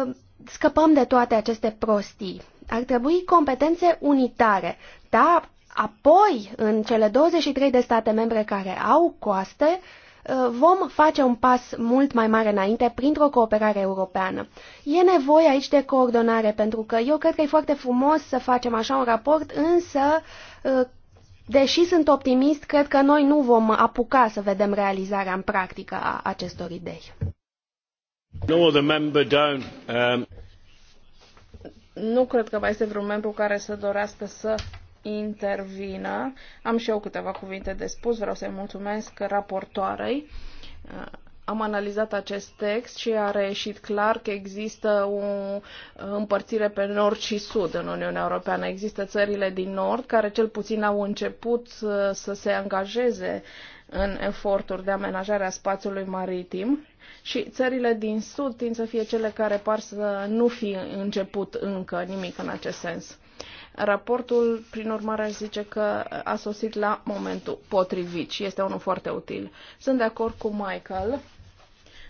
uh, scăpăm de toate aceste prostii. Ar trebui competențe unitare, dar apoi, în cele 23 de state membre care au coaste, uh, vom face un pas mult mai mare înainte printr-o cooperare europeană. E nevoie aici de coordonare, pentru că eu cred că e foarte frumos să facem așa un raport, însă, uh, deși sunt optimist, cred că noi nu vom apuca să vedem realizarea în practică a acestor idei. No other member down. Um... Nu cred că mai este vreun membru care să dorească să intervină. Am și eu câteva cuvinte de spus. Vreau să-i mulțumesc raportoarei. Uh, am analizat acest text și a reieșit clar că există o uh, împărțire pe nord și sud în Uniunea Europeană. Există țările din nord care cel puțin au început uh, să se angajeze în eforturi de amenajare a spațiului maritim și țările din sud tind să fie cele care par să nu fi început încă nimic în acest sens. Raportul, prin urmare, aș zice că a sosit la momentul potrivit și este unul foarte util. Sunt de acord cu Michael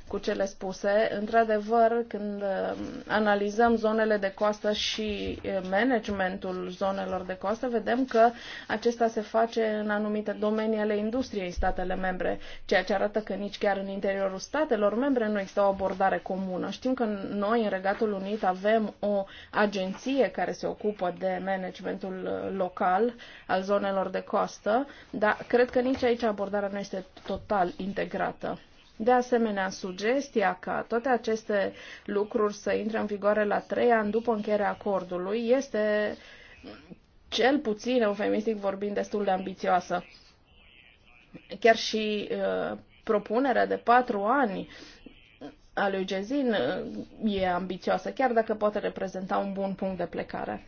cu cele spuse. Într-adevăr, când um, analizăm zonele de coastă și managementul zonelor de coastă, vedem că acesta se face în anumite domenii ale industriei statele membre, ceea ce arată că nici chiar în interiorul statelor membre nu există o abordare comună. Știm că noi, în Regatul Unit, avem o agenție care se ocupă de managementul uh, local al zonelor de coastă, dar cred că nici aici abordarea nu este total integrată. De asemenea, sugestia ca toate aceste lucruri să intre în vigoare la trei ani după încheierea acordului este cel puțin, eufemistic vorbind, destul de ambițioasă. Chiar și uh, propunerea de patru ani a lui Gezin uh, e ambițioasă, chiar dacă poate reprezenta un bun punct de plecare.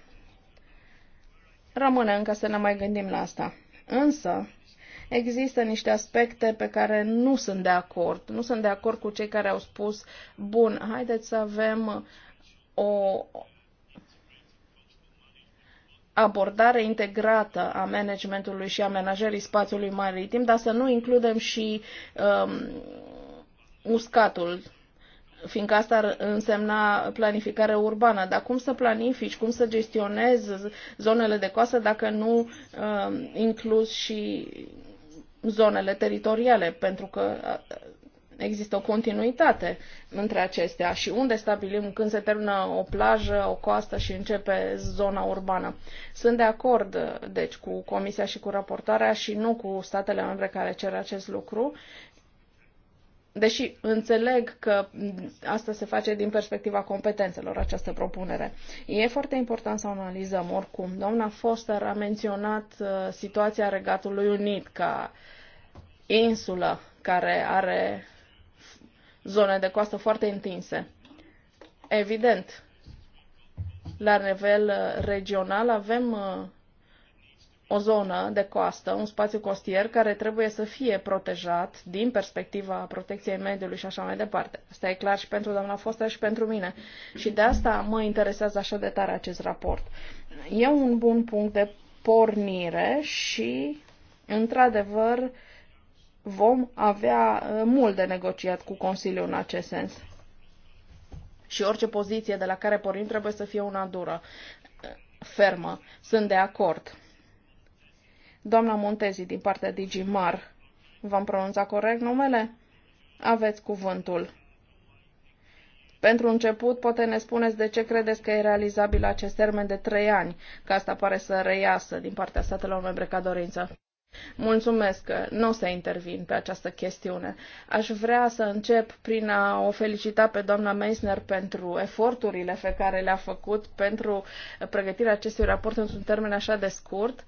Rămâne încă să ne mai gândim la asta. Însă, Există niște aspecte pe care nu sunt de acord. Nu sunt de acord cu cei care au spus, bun, haideți să avem o abordare integrată a managementului și a menajării spațiului maritim, dar să nu includem și um, uscatul fiindcă asta ar însemna planificare urbană. Dar cum să planifici, cum să gestionezi zonele de coastă dacă nu uh, inclus și zonele teritoriale, pentru că există o continuitate între acestea și unde stabilim când se termină o plajă, o coastă și începe zona urbană. Sunt de acord, deci, cu Comisia și cu raportarea și nu cu statele membre care cer acest lucru. Deși înțeleg că asta se face din perspectiva competențelor, această propunere. E foarte important să analizăm oricum. Doamna Foster a menționat uh, situația Regatului Unit ca uh, insulă care are zone de coastă foarte întinse. Evident, la nivel uh, regional avem uh, o zonă de coastă, un spațiu costier care trebuie să fie protejat din perspectiva protecției mediului și așa mai departe. Asta e clar și pentru doamna Fostă și pentru mine. Și de asta mă interesează așa de tare acest raport. E un bun punct de pornire și, într-adevăr, uh, vom avea uh, mult de negociat cu Consiliul în acest sens. Și orice poziție de la care pornim trebuie să fie una dură, uh, fermă. Sunt de acord. Doamna Montezi, din partea Digimar, v-am pronunțat corect numele? Aveți cuvântul. Pentru început, poate ne spuneți de ce credeți că e realizabil acest termen de trei ani, că asta pare să reiasă din partea statelor membre ca dorință. Mulțumesc că nu o să intervin pe această chestiune. Aș vrea să încep prin a o felicita pe doamna Meisner pentru eforturile pe care le-a făcut pentru pregătirea acestui raport într-un termen așa de scurt.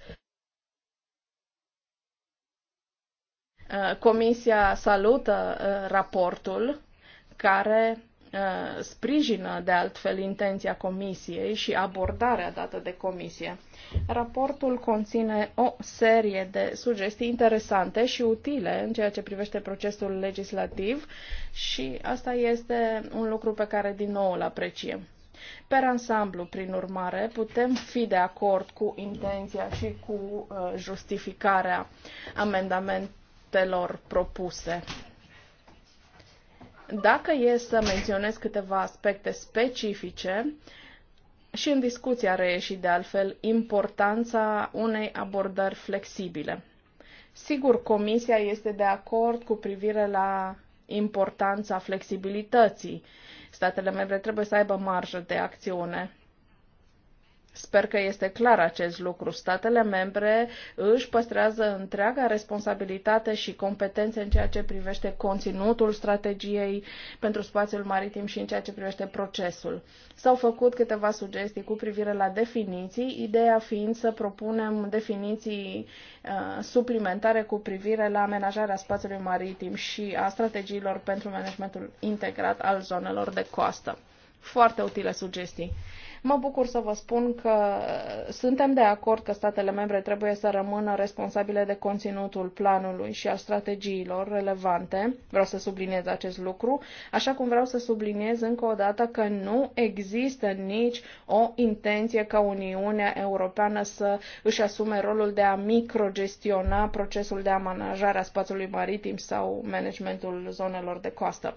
Comisia salută uh, raportul care Uh, sprijină de altfel intenția comisiei și abordarea dată de comisie. Raportul conține o serie de sugestii interesante și utile în ceea ce privește procesul legislativ și asta este un lucru pe care din nou îl apreciem. Per ansamblu, prin urmare, putem fi de acord cu intenția și cu uh, justificarea amendamentelor propuse dacă e să menționez câteva aspecte specifice, și în discuția reieși de altfel importanța unei abordări flexibile. Sigur, Comisia este de acord cu privire la importanța flexibilității. Statele membre trebuie să aibă marjă de acțiune Sper că este clar acest lucru. Statele membre își păstrează întreaga responsabilitate și competențe în ceea ce privește conținutul strategiei pentru spațiul maritim și în ceea ce privește procesul. S-au făcut câteva sugestii cu privire la definiții, ideea fiind să propunem definiții uh, suplimentare cu privire la amenajarea spațiului maritim și a strategiilor pentru managementul integrat al zonelor de coastă. Foarte utile sugestii. Mă bucur să vă spun că suntem de acord că statele membre trebuie să rămână responsabile de conținutul planului și al strategiilor relevante. Vreau să subliniez acest lucru, așa cum vreau să subliniez încă o dată că nu există nici o intenție ca Uniunea Europeană să își asume rolul de a microgestiona procesul de amanajare a spațiului maritim sau managementul zonelor de coastă.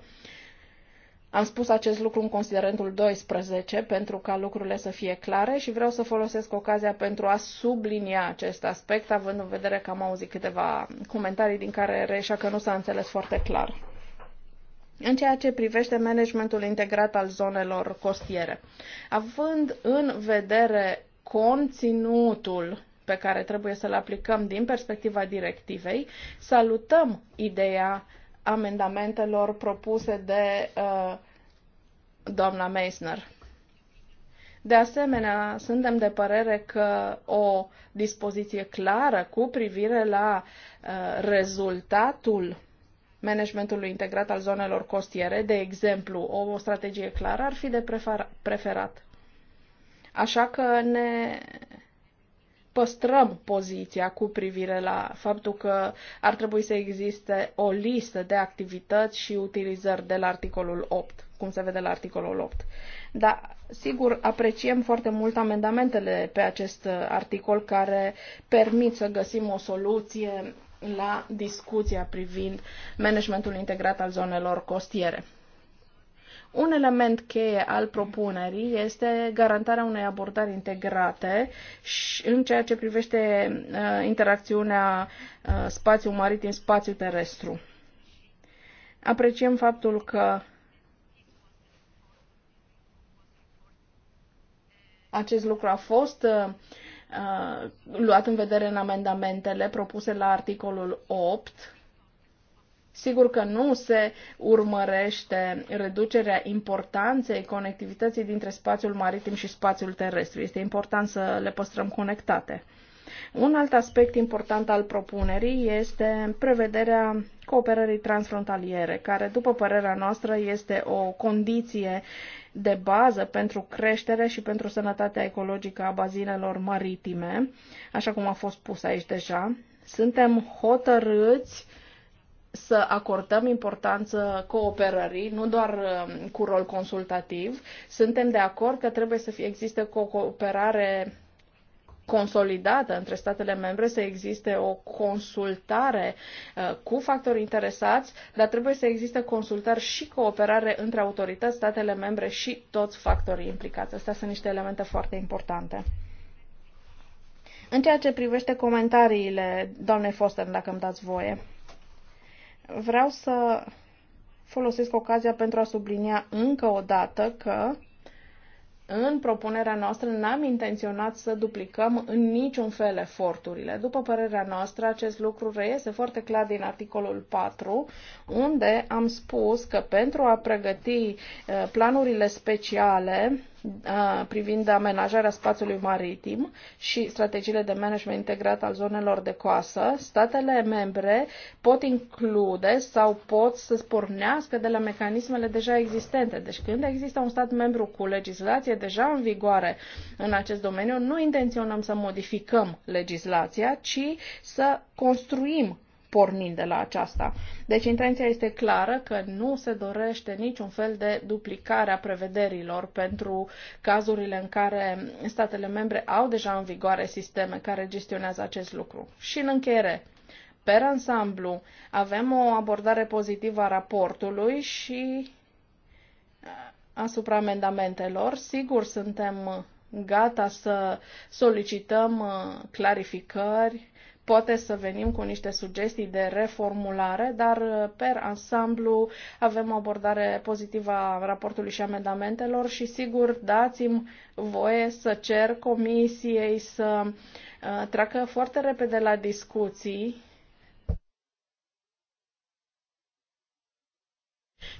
Am spus acest lucru în considerentul 12 pentru ca lucrurile să fie clare și vreau să folosesc ocazia pentru a sublinia acest aspect, având în vedere că am auzit câteva comentarii din care reșa că nu s-a înțeles foarte clar. În ceea ce privește managementul integrat al zonelor costiere, având în vedere conținutul pe care trebuie să-l aplicăm din perspectiva directivei, salutăm ideea amendamentelor propuse de uh, doamna Meissner. De asemenea, suntem de părere că o dispoziție clară cu privire la uh, rezultatul managementului integrat al zonelor costiere, de exemplu, o, o strategie clară ar fi de preferat. Așa că ne păstrăm poziția cu privire la faptul că ar trebui să existe o listă de activități și utilizări de la articolul 8, cum se vede la articolul 8. Dar, sigur, apreciem foarte mult amendamentele pe acest uh, articol care permit să găsim o soluție la discuția privind managementul integrat al zonelor costiere. Un element cheie al propunerii este garantarea unei abordări integrate și în ceea ce privește uh, interacțiunea uh, spațiu maritim spațiu terestru. Apreciem faptul că acest lucru a fost uh, uh luat în vedere în amendamentele propuse la articolul 8 Sigur că nu se urmărește reducerea importanței conectivității dintre spațiul maritim și spațiul terestru. Este important să le păstrăm conectate. Un alt aspect important al propunerii este prevederea cooperării transfrontaliere, care, după părerea noastră, este o condiție de bază pentru creștere și pentru sănătatea ecologică a bazinelor maritime, așa cum a fost pus aici deja. Suntem hotărâți să acordăm importanță cooperării, nu doar um, cu rol consultativ. Suntem de acord că trebuie să fie, existe o cooperare consolidată între statele membre, să existe o consultare uh, cu factori interesați, dar trebuie să existe consultări și cooperare între autorități, statele membre și toți factorii implicați. Astea sunt niște elemente foarte importante. În ceea ce privește comentariile doamne Foster, dacă îmi dați voie, vreau să folosesc ocazia pentru a sublinia încă o dată că în propunerea noastră n-am intenționat să duplicăm în niciun fel eforturile. După părerea noastră, acest lucru reiese foarte clar din articolul 4, unde am spus că pentru a pregăti eh, planurile speciale privind amenajarea spațiului maritim și strategiile de management integrat al zonelor de coasă, statele membre pot include sau pot să spornească de la mecanismele deja existente. Deci când există un stat membru cu legislație deja în vigoare în acest domeniu, nu intenționăm să modificăm legislația, ci să construim pornind de la aceasta. Deci intenția este clară că nu se dorește niciun fel de duplicare a prevederilor pentru cazurile în care statele membre au deja în vigoare sisteme care gestionează acest lucru. Și în încheiere, per ansamblu, avem o abordare pozitivă a raportului și uh, asupra amendamentelor. Sigur, suntem gata să solicităm uh, clarificări Poate să venim cu niște sugestii de reformulare, dar uh, per ansamblu avem o abordare pozitivă a raportului și amendamentelor și sigur dați-mi voie să cer comisiei să uh, treacă foarte repede la discuții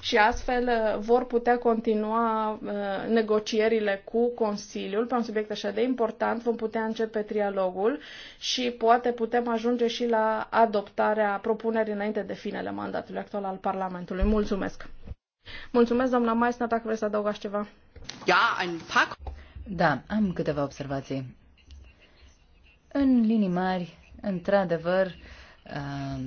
și astfel uh, vor putea continua uh, negocierile cu Consiliul pe un subiect așa de important, vom putea începe trialogul și poate putem ajunge și la adoptarea propunerii înainte de finele mandatului actual al Parlamentului. Mulțumesc! Mulțumesc, doamna Maisna, dacă vreți să adăugați ceva. Da, am câteva observații. În linii mari, într-adevăr, uh,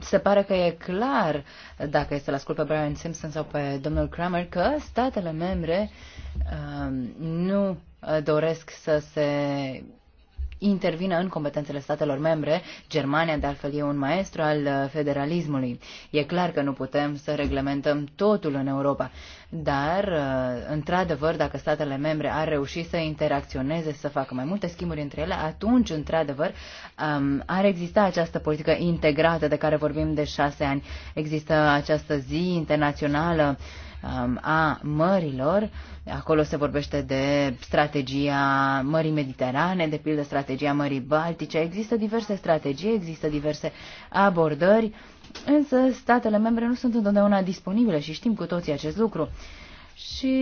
se pare că e clar, dacă este la scurt pe Brian Simpson sau pe domnul Kramer, că statele membre uh, nu doresc să se intervine în competențele statelor membre. Germania, de altfel, e un maestru al uh, federalismului. E clar că nu putem să reglementăm totul în Europa, dar, uh, într-adevăr, dacă statele membre ar reuși să interacționeze, să facă mai multe schimburi între ele, atunci, într-adevăr, um, ar exista această politică integrată de care vorbim de șase ani. Există această zi internațională Um, a mărilor. Acolo se vorbește de strategia Mării Mediterane, de pildă strategia Mării Baltice. Există diverse strategii, există diverse abordări, însă statele membre nu sunt întotdeauna disponibile și știm cu toții acest lucru. Și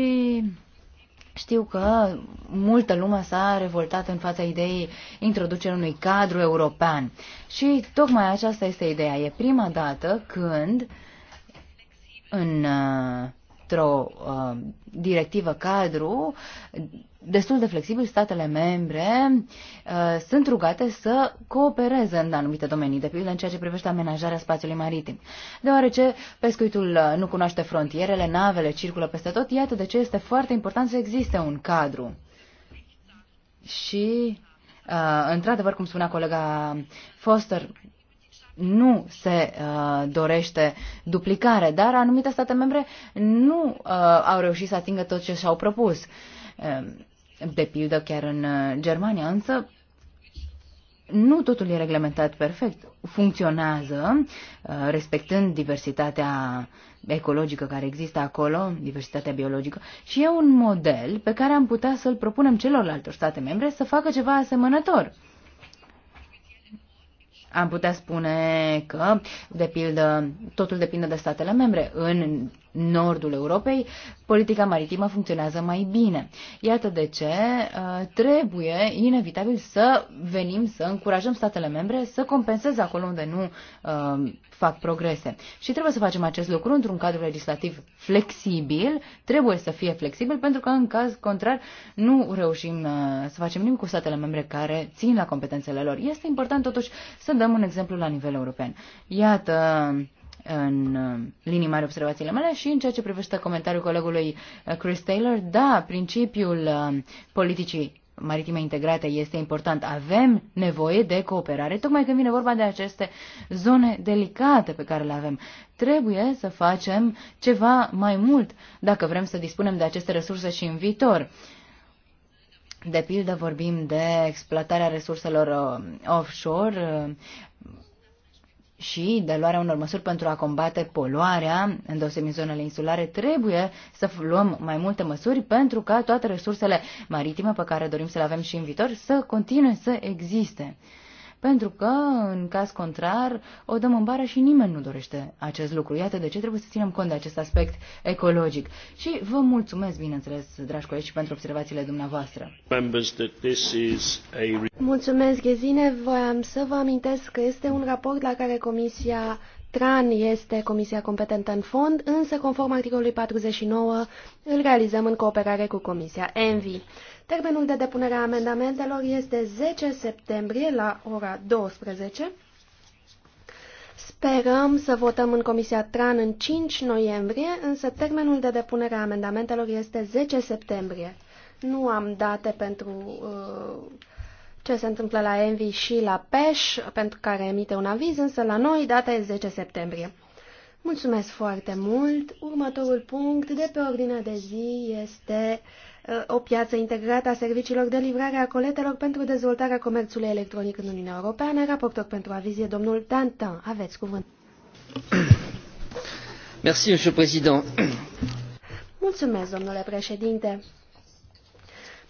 știu că multă lume s-a revoltat în fața ideii introducerii unui cadru european. Și tocmai aceasta este ideea. E prima dată când în uh, într o uh, directivă cadru, destul de flexibil, statele membre uh, sunt rugate să coopereze în anumite domenii, de pildă în ceea ce privește amenajarea spațiului maritim. Deoarece pescuitul uh, nu cunoaște frontierele, navele circulă peste tot, iată de ce este foarte important să existe un cadru. Și, uh, într-adevăr, cum spunea colega Foster, nu se uh, dorește duplicare, dar anumite state membre nu uh, au reușit să atingă tot ce și-au propus. Uh, de pildă chiar în uh, Germania, însă nu totul e reglementat perfect. Funcționează uh, respectând diversitatea ecologică care există acolo, diversitatea biologică, și e un model pe care am putea să-l propunem celorlalte state membre să facă ceva asemănător. Am putea spune că, de pildă, totul depinde de statele membre. În nordul Europei, politica maritimă funcționează mai bine. Iată de ce uh, trebuie inevitabil să venim să încurajăm statele membre să compenseze acolo unde nu uh, fac progrese. Și trebuie să facem acest lucru într-un cadru legislativ flexibil, trebuie să fie flexibil pentru că în caz contrar nu reușim uh, să facem nimic cu statele membre care țin la competențele lor. Este important totuși să dăm un exemplu la nivel european. Iată în linii mari observațiile mele și în ceea ce privește comentariul colegului uh, Chris Taylor, da, principiul uh, politicii maritime integrate este important. Avem nevoie de cooperare, tocmai când vine vorba de aceste zone delicate pe care le avem. Trebuie să facem ceva mai mult dacă vrem să dispunem de aceste resurse și în viitor. De pildă vorbim de exploatarea resurselor uh, offshore, și de luarea unor măsuri pentru a combate poluarea, îndeosebit zonele insulare, trebuie să luăm mai multe măsuri pentru ca toate resursele maritime pe care dorim să le avem și în viitor să continue să existe pentru că, în caz contrar, o dăm în bară și nimeni nu dorește acest lucru. Iată de ce trebuie să ținem cont de acest aspect ecologic. Și vă mulțumesc, bineînțeles, dragi colegi, pentru observațiile dumneavoastră. Mulțumesc, Ghezine. Voiam să vă amintesc că este un raport la care Comisia TRAN este comisia competentă în fond, însă, conform articolului 49, îl realizăm în cooperare cu Comisia ENVI. Termenul de depunere a amendamentelor este 10 septembrie la ora 12. Sperăm să votăm în Comisia TRAN în 5 noiembrie, însă termenul de depunere a amendamentelor este 10 septembrie. Nu am date pentru uh, ce se întâmplă la Envi și la PEș, pentru care emite un aviz, însă la noi data e 10 septembrie. Mulțumesc foarte mult! Următorul punct de pe ordinea de zi este Uh, o piață integrată a serviciilor de livrare a coletelor pentru dezvoltarea comerțului electronic în Uniunea Europeană. Raportor pentru avizie, domnul Dantin. Aveți cuvânt. Merci, monsieur président. Mulțumesc, domnule președinte.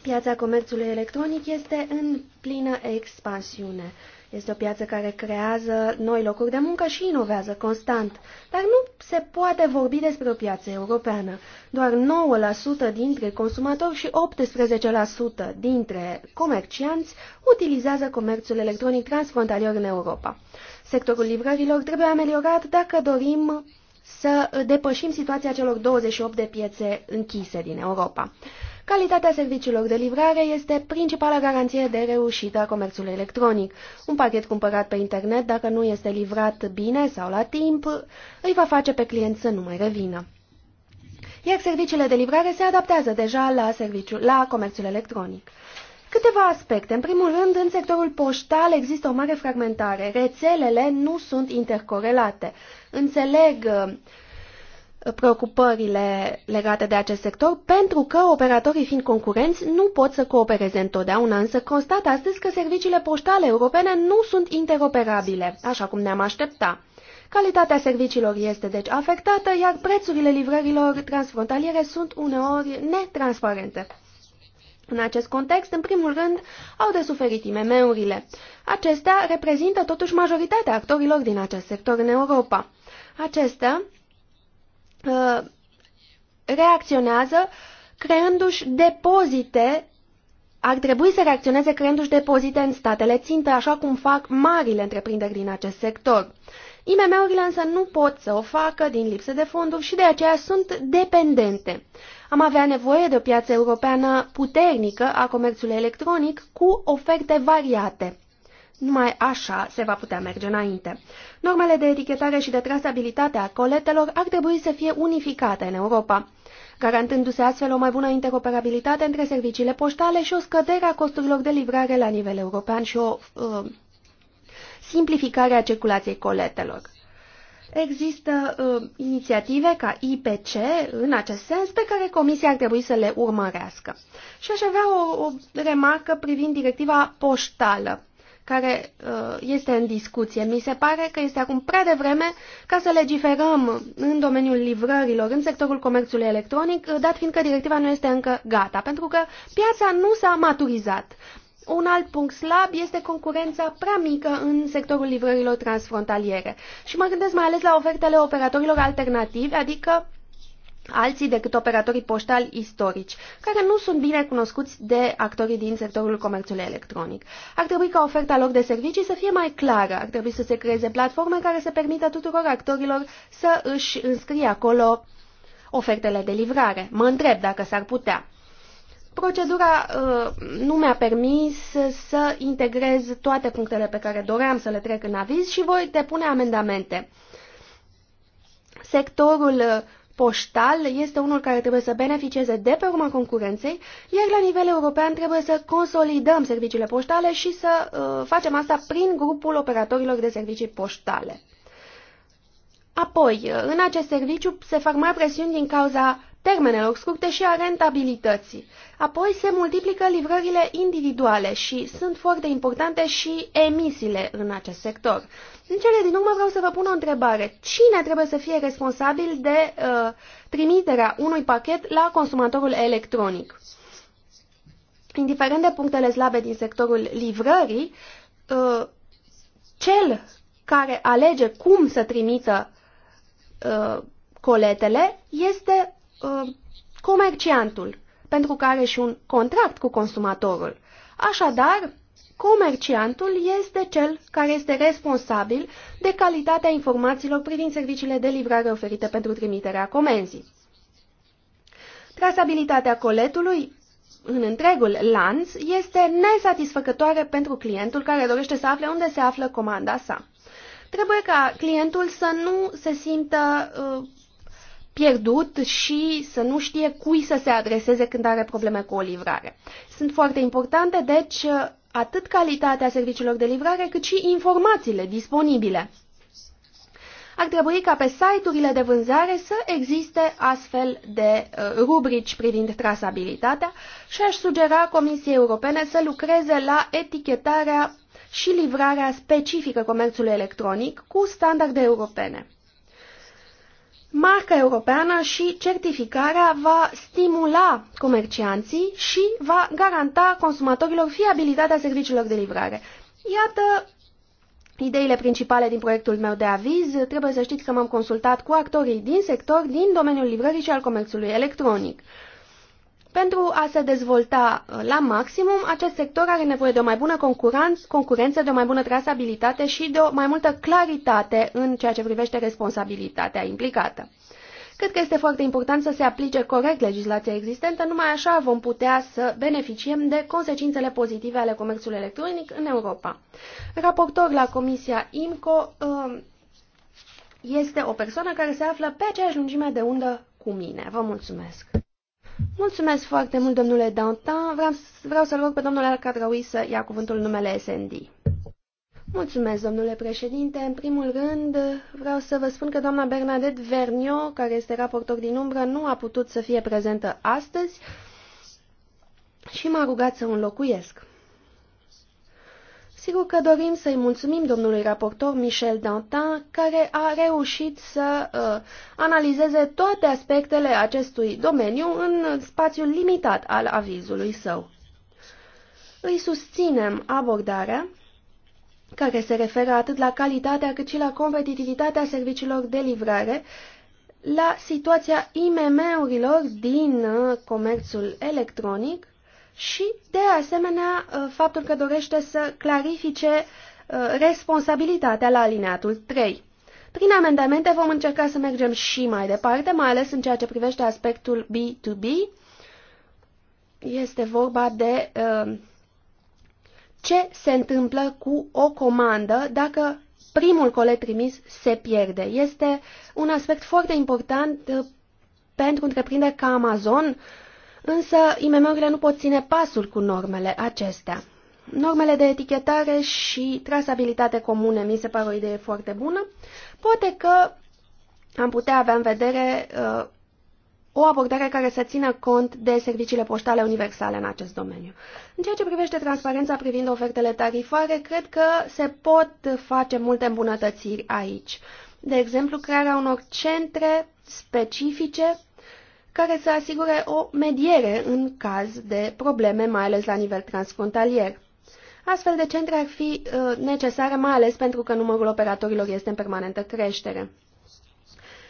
Piața comerțului electronic este în plină expansiune. Este o piață care creează noi locuri de muncă și inovează constant. Dar nu se poate vorbi despre o piață europeană. Doar 9% dintre consumatori și 18% dintre comercianți utilizează comerțul electronic transfrontalier în Europa. Sectorul livrărilor trebuie ameliorat dacă dorim să depășim situația celor 28 de piețe închise din Europa. Calitatea serviciilor de livrare este principala garanție de reușită a comerțului electronic. Un pachet cumpărat pe internet, dacă nu este livrat bine sau la timp, îi va face pe client să nu mai revină. Iar serviciile de livrare se adaptează deja la, serviciu, la comerțul electronic. Câteva aspecte. În primul rând, în sectorul poștal există o mare fragmentare. Rețelele nu sunt intercorelate. Înțeleg preocupările legate de acest sector, pentru că operatorii fiind concurenți nu pot să coopereze întotdeauna, însă constat astăzi că serviciile poștale europene nu sunt interoperabile, așa cum ne-am aștepta. Calitatea serviciilor este deci afectată, iar prețurile livrărilor transfrontaliere sunt uneori netransparente. În acest context, în primul rând, au de suferit IMM-urile. Acestea reprezintă totuși majoritatea actorilor din acest sector în Europa. Acestea Uh, reacționează creându-și depozite, ar trebui să reacționeze creându-și depozite în statele țintă, așa cum fac marile întreprinderi din acest sector. IMM-urile însă nu pot să o facă din lipsă de fonduri și de aceea sunt dependente. Am avea nevoie de o piață europeană puternică a comerțului electronic cu oferte variate. Numai așa se va putea merge înainte. Normele de etichetare și de trasabilitate a coletelor ar trebui să fie unificate în Europa, garantându-se astfel o mai bună interoperabilitate între serviciile poștale și o scădere a costurilor de livrare la nivel european și o uh, simplificare a circulației coletelor. Există uh, inițiative ca IPC în acest sens pe care Comisia ar trebui să le urmărească. Și aș avea o, o remarcă privind directiva poștală care uh, este în discuție. Mi se pare că este acum prea devreme ca să legiferăm în domeniul livrărilor, în sectorul comerțului electronic, uh, dat fiindcă directiva nu este încă gata, pentru că piața nu s-a maturizat. Un alt punct slab este concurența prea mică în sectorul livrărilor transfrontaliere. Și mă gândesc mai ales la ofertele operatorilor alternativi, adică alții decât operatorii poștali istorici, care nu sunt bine cunoscuți de actorii din sectorul comerțului electronic. Ar trebui ca oferta lor de servicii să fie mai clară, ar trebui să se creeze platforme care să permită tuturor actorilor să își înscrie acolo ofertele de livrare. Mă întreb dacă s-ar putea. Procedura uh, nu mi-a permis să integrez toate punctele pe care doream să le trec în aviz și voi depune amendamente. Sectorul uh, poștal este unul care trebuie să beneficieze de pe urma concurenței, iar la nivel european trebuie să consolidăm serviciile poștale și să uh, facem asta prin grupul operatorilor de servicii poștale. Apoi, uh, în acest serviciu se fac mai presiuni din cauza termenelor scurte și a rentabilității. Apoi se multiplică livrările individuale și sunt foarte importante și emisiile în acest sector. În cele din urmă vreau să vă pun o întrebare. Cine trebuie să fie responsabil de uh, trimiterea unui pachet la consumatorul electronic? Indiferent de punctele slabe din sectorul livrării, uh, cel care alege cum să trimită uh, coletele este Uh, comerciantul, pentru că are și un contract cu consumatorul. Așadar, comerciantul este cel care este responsabil de calitatea informațiilor privind serviciile de livrare oferite pentru trimiterea comenzii. Trasabilitatea coletului în întregul lanț este nesatisfăcătoare pentru clientul care dorește să afle unde se află comanda sa. Trebuie ca clientul să nu se simtă uh, pierdut și să nu știe cui să se adreseze când are probleme cu o livrare. Sunt foarte importante, deci, atât calitatea serviciilor de livrare, cât și informațiile disponibile. Ar trebui ca pe site-urile de vânzare să existe astfel de uh, rubrici privind trasabilitatea și aș sugera Comisiei Europene să lucreze la etichetarea și livrarea specifică comerțului electronic cu standarde europene. Marca europeană și certificarea va stimula comercianții și va garanta consumatorilor fiabilitatea serviciilor de livrare. Iată ideile principale din proiectul meu de aviz. Trebuie să știți că m-am consultat cu actorii din sector, din domeniul livrării și al comerțului electronic. Pentru a se dezvolta uh, la maximum, acest sector are nevoie de o mai bună concurență, de o mai bună trasabilitate și de o mai multă claritate în ceea ce privește responsabilitatea implicată. Cred că este foarte important să se aplice corect legislația existentă, numai așa vom putea să beneficiem de consecințele pozitive ale comerțului electronic în Europa. Raportor la Comisia IMCO uh, este o persoană care se află pe aceeași lungime de undă cu mine. Vă mulțumesc! Mulțumesc foarte mult, domnule Dantin. Vreau, vreau să-l rog pe domnul Alcatraui să ia cuvântul numele SND. Mulțumesc, domnule președinte. În primul rând, vreau să vă spun că doamna Bernadette Vernio, care este raportor din umbră, nu a putut să fie prezentă astăzi și m-a rugat să o înlocuiesc. Sigur că dorim să-i mulțumim domnului raportor Michel Dantin, care a reușit să uh, analizeze toate aspectele acestui domeniu în spațiul limitat al avizului său. Îi susținem abordarea care se referă atât la calitatea cât și la competitivitatea serviciilor de livrare, la situația IMM-urilor din uh, comerțul electronic și, de asemenea, uh, faptul că dorește să clarifice uh, responsabilitatea la alineatul 3. Prin amendamente vom încerca să mergem și mai departe, mai ales în ceea ce privește aspectul B2B. Este vorba de uh, ce se întâmplă cu o comandă dacă primul colet trimis se pierde. Este un aspect foarte important pentru întreprinderi ca Amazon, Însă, IMM-urile nu pot ține pasul cu normele acestea. Normele de etichetare și trasabilitate comune mi se par o idee foarte bună. Poate că am putea avea în vedere uh, o abordare care să țină cont de serviciile poștale universale în acest domeniu. În ceea ce privește transparența privind ofertele tarifare, cred că se pot face multe îmbunătățiri aici. De exemplu, crearea unor centre specifice care să asigure o mediere în caz de probleme, mai ales la nivel transfrontalier. Astfel de centre ar fi uh, necesare, mai ales pentru că numărul operatorilor este în permanentă creștere.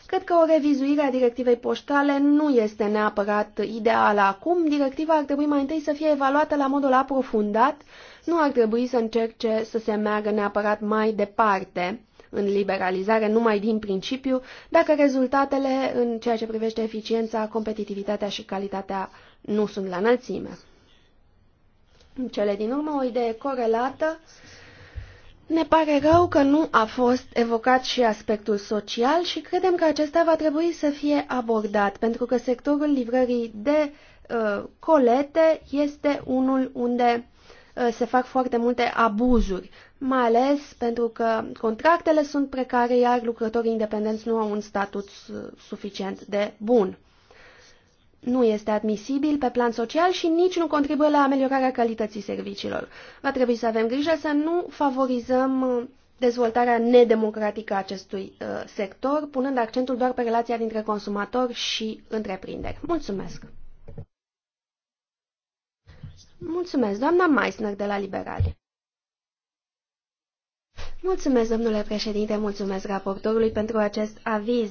Cred că o revizuire a directivei poștale nu este neapărat ideală acum. Directiva ar trebui mai întâi să fie evaluată la modul aprofundat, nu ar trebui să încerce să se meargă neapărat mai departe în liberalizare numai din principiu, dacă rezultatele în ceea ce privește eficiența, competitivitatea și calitatea nu sunt la înălțime. În cele din urmă, o idee corelată ne pare rău că nu a fost evocat și aspectul social și credem că acesta va trebui să fie abordat, pentru că sectorul livrării de uh, colete este unul unde uh, se fac foarte multe abuzuri mai ales pentru că contractele sunt precare, iar lucrătorii independenți nu au un statut suficient de bun. Nu este admisibil pe plan social și nici nu contribuie la ameliorarea calității serviciilor. Va trebui să avem grijă să nu favorizăm uh, dezvoltarea nedemocratică a acestui uh, sector, punând accentul doar pe relația dintre consumator și întreprinderi. Mulțumesc! Mulțumesc, doamna Meissner de la Liberali. Mulțumesc, domnule președinte, mulțumesc raportorului pentru acest aviz.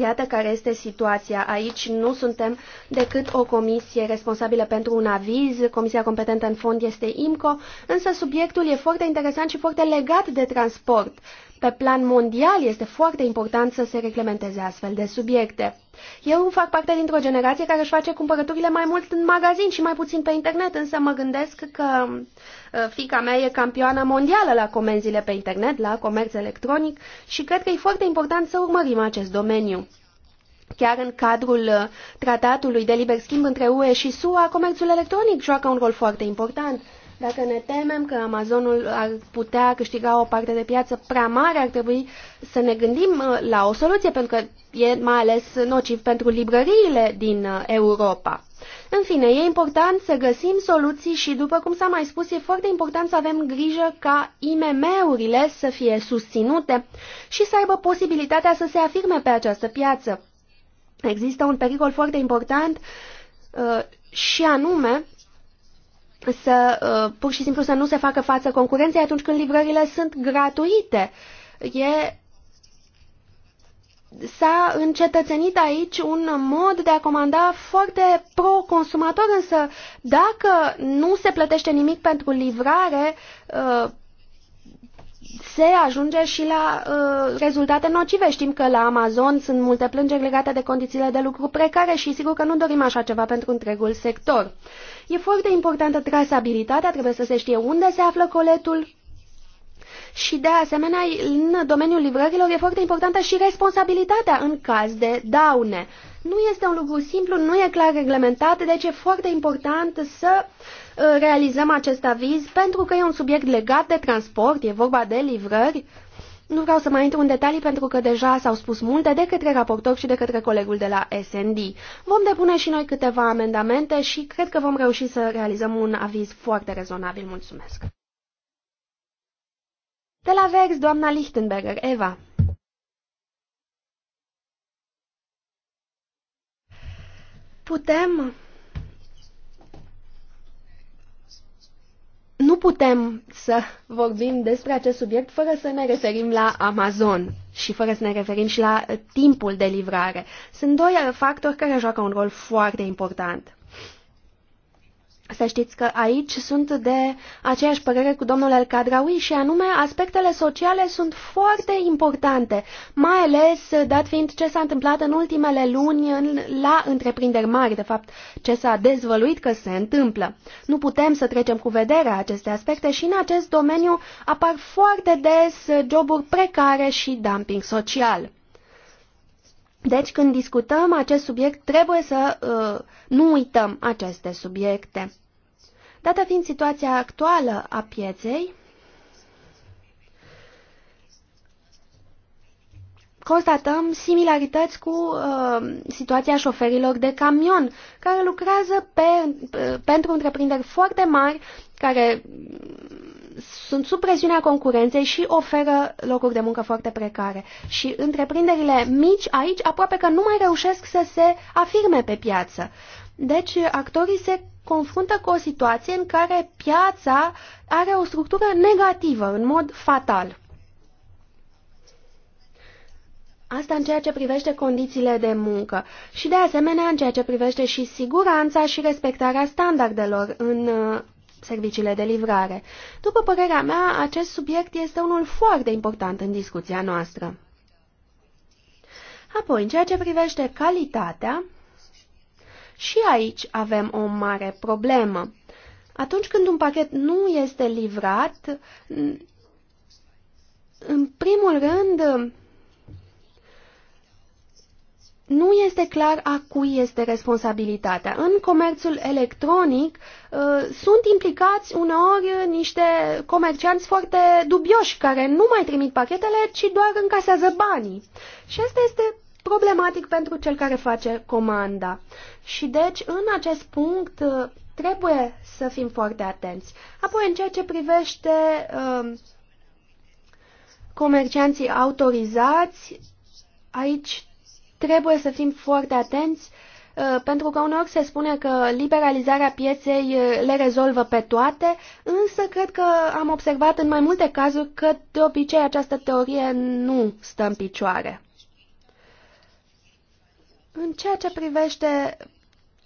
Iată care este situația. Aici nu suntem decât o comisie responsabilă pentru un aviz. Comisia competentă în fond este IMCO, însă subiectul e foarte interesant și foarte legat de transport. Pe plan mondial este foarte important să se reglementeze astfel de subiecte. Eu fac parte dintr-o generație care își face cumpărăturile mai mult în magazin și mai puțin pe internet, însă mă gândesc că uh, fica mea e campioană mondială la comenzile pe internet, la comerț electronic și cred că e foarte important să urmărim acest domeniu. Chiar în cadrul uh, tratatului de liber schimb între UE și SUA, comerțul electronic joacă un rol foarte important dacă ne temem că Amazonul ar putea câștiga o parte de piață prea mare, ar trebui să ne gândim uh, la o soluție, pentru că e mai ales nociv pentru librăriile din uh, Europa. În fine, e important să găsim soluții și, după cum s-a mai spus, e foarte important să avem grijă ca IMM-urile să fie susținute și să aibă posibilitatea să se afirme pe această piață. Există un pericol foarte important uh, și anume să uh, pur și simplu să nu se facă față concurenței atunci când livrările sunt gratuite. E s-a încetățenit aici un mod de a comanda foarte pro-consumator, însă dacă nu se plătește nimic pentru livrare, uh, se ajunge și la uh, rezultate nocive. Știm că la Amazon sunt multe plângeri legate de condițiile de lucru precare și sigur că nu dorim așa ceva pentru întregul sector. E foarte importantă trasabilitatea, trebuie să se știe unde se află coletul, și de asemenea, în domeniul livrărilor e foarte importantă și responsabilitatea în caz de daune. Nu este un lucru simplu, nu e clar reglementat, deci e foarte important să uh, realizăm acest aviz pentru că e un subiect legat de transport, e vorba de livrări nu vreau să mai intru în detalii pentru că deja s-au spus multe de către raportor și de către colegul de la SND. Vom depune și noi câteva amendamente și cred că vom reuși să realizăm un aviz foarte rezonabil. Mulțumesc! De la Vers, doamna Lichtenberger, Eva. Putem Nu putem să vorbim despre acest subiect fără să ne referim la Amazon și fără să ne referim și la uh, timpul de livrare. Sunt doi uh, factori care joacă un rol foarte important. Să știți că aici sunt de aceeași părere cu domnul El Cadraui și anume aspectele sociale sunt foarte importante, mai ales dat fiind ce s-a întâmplat în ultimele luni la întreprinderi mari, de fapt ce s-a dezvăluit că se întâmplă. Nu putem să trecem cu vederea aceste aspecte și în acest domeniu apar foarte des joburi precare și dumping social. Deci când discutăm acest subiect trebuie să uh, nu uităm aceste subiecte. Dată fiind situația actuală a pieței, constatăm similarități cu uh, situația șoferilor de camion, care lucrează pe, pe, uh, pentru întreprinderi foarte mari, care sunt sub presiunea concurenței și oferă locuri de muncă foarte precare. Și întreprinderile mici aici aproape că nu mai reușesc să se afirme pe piață. Deci actorii se confruntă cu o situație în care piața are o structură negativă, în mod fatal. Asta în ceea ce privește condițiile de muncă și, de asemenea, în ceea ce privește și siguranța și respectarea standardelor în uh, serviciile de livrare. După părerea mea, acest subiect este unul foarte important în discuția noastră. Apoi, în ceea ce privește calitatea, și aici avem o mare problemă. Atunci când un pachet nu este livrat, în primul rând, nu este clar a cui este responsabilitatea. În comerțul electronic uh, sunt implicați uneori niște comercianți foarte dubioși care nu mai trimit pachetele, ci doar încasează banii. Și asta este problematic pentru cel care face comanda. Și deci, în acest punct, uh, trebuie să fim foarte atenți. Apoi, în ceea ce privește uh, comercianții autorizați, aici trebuie să fim foarte atenți uh, pentru că uneori se spune că liberalizarea pieței uh, le rezolvă pe toate, însă cred că am observat în mai multe cazuri că de obicei această teorie nu stă în picioare. În ceea ce privește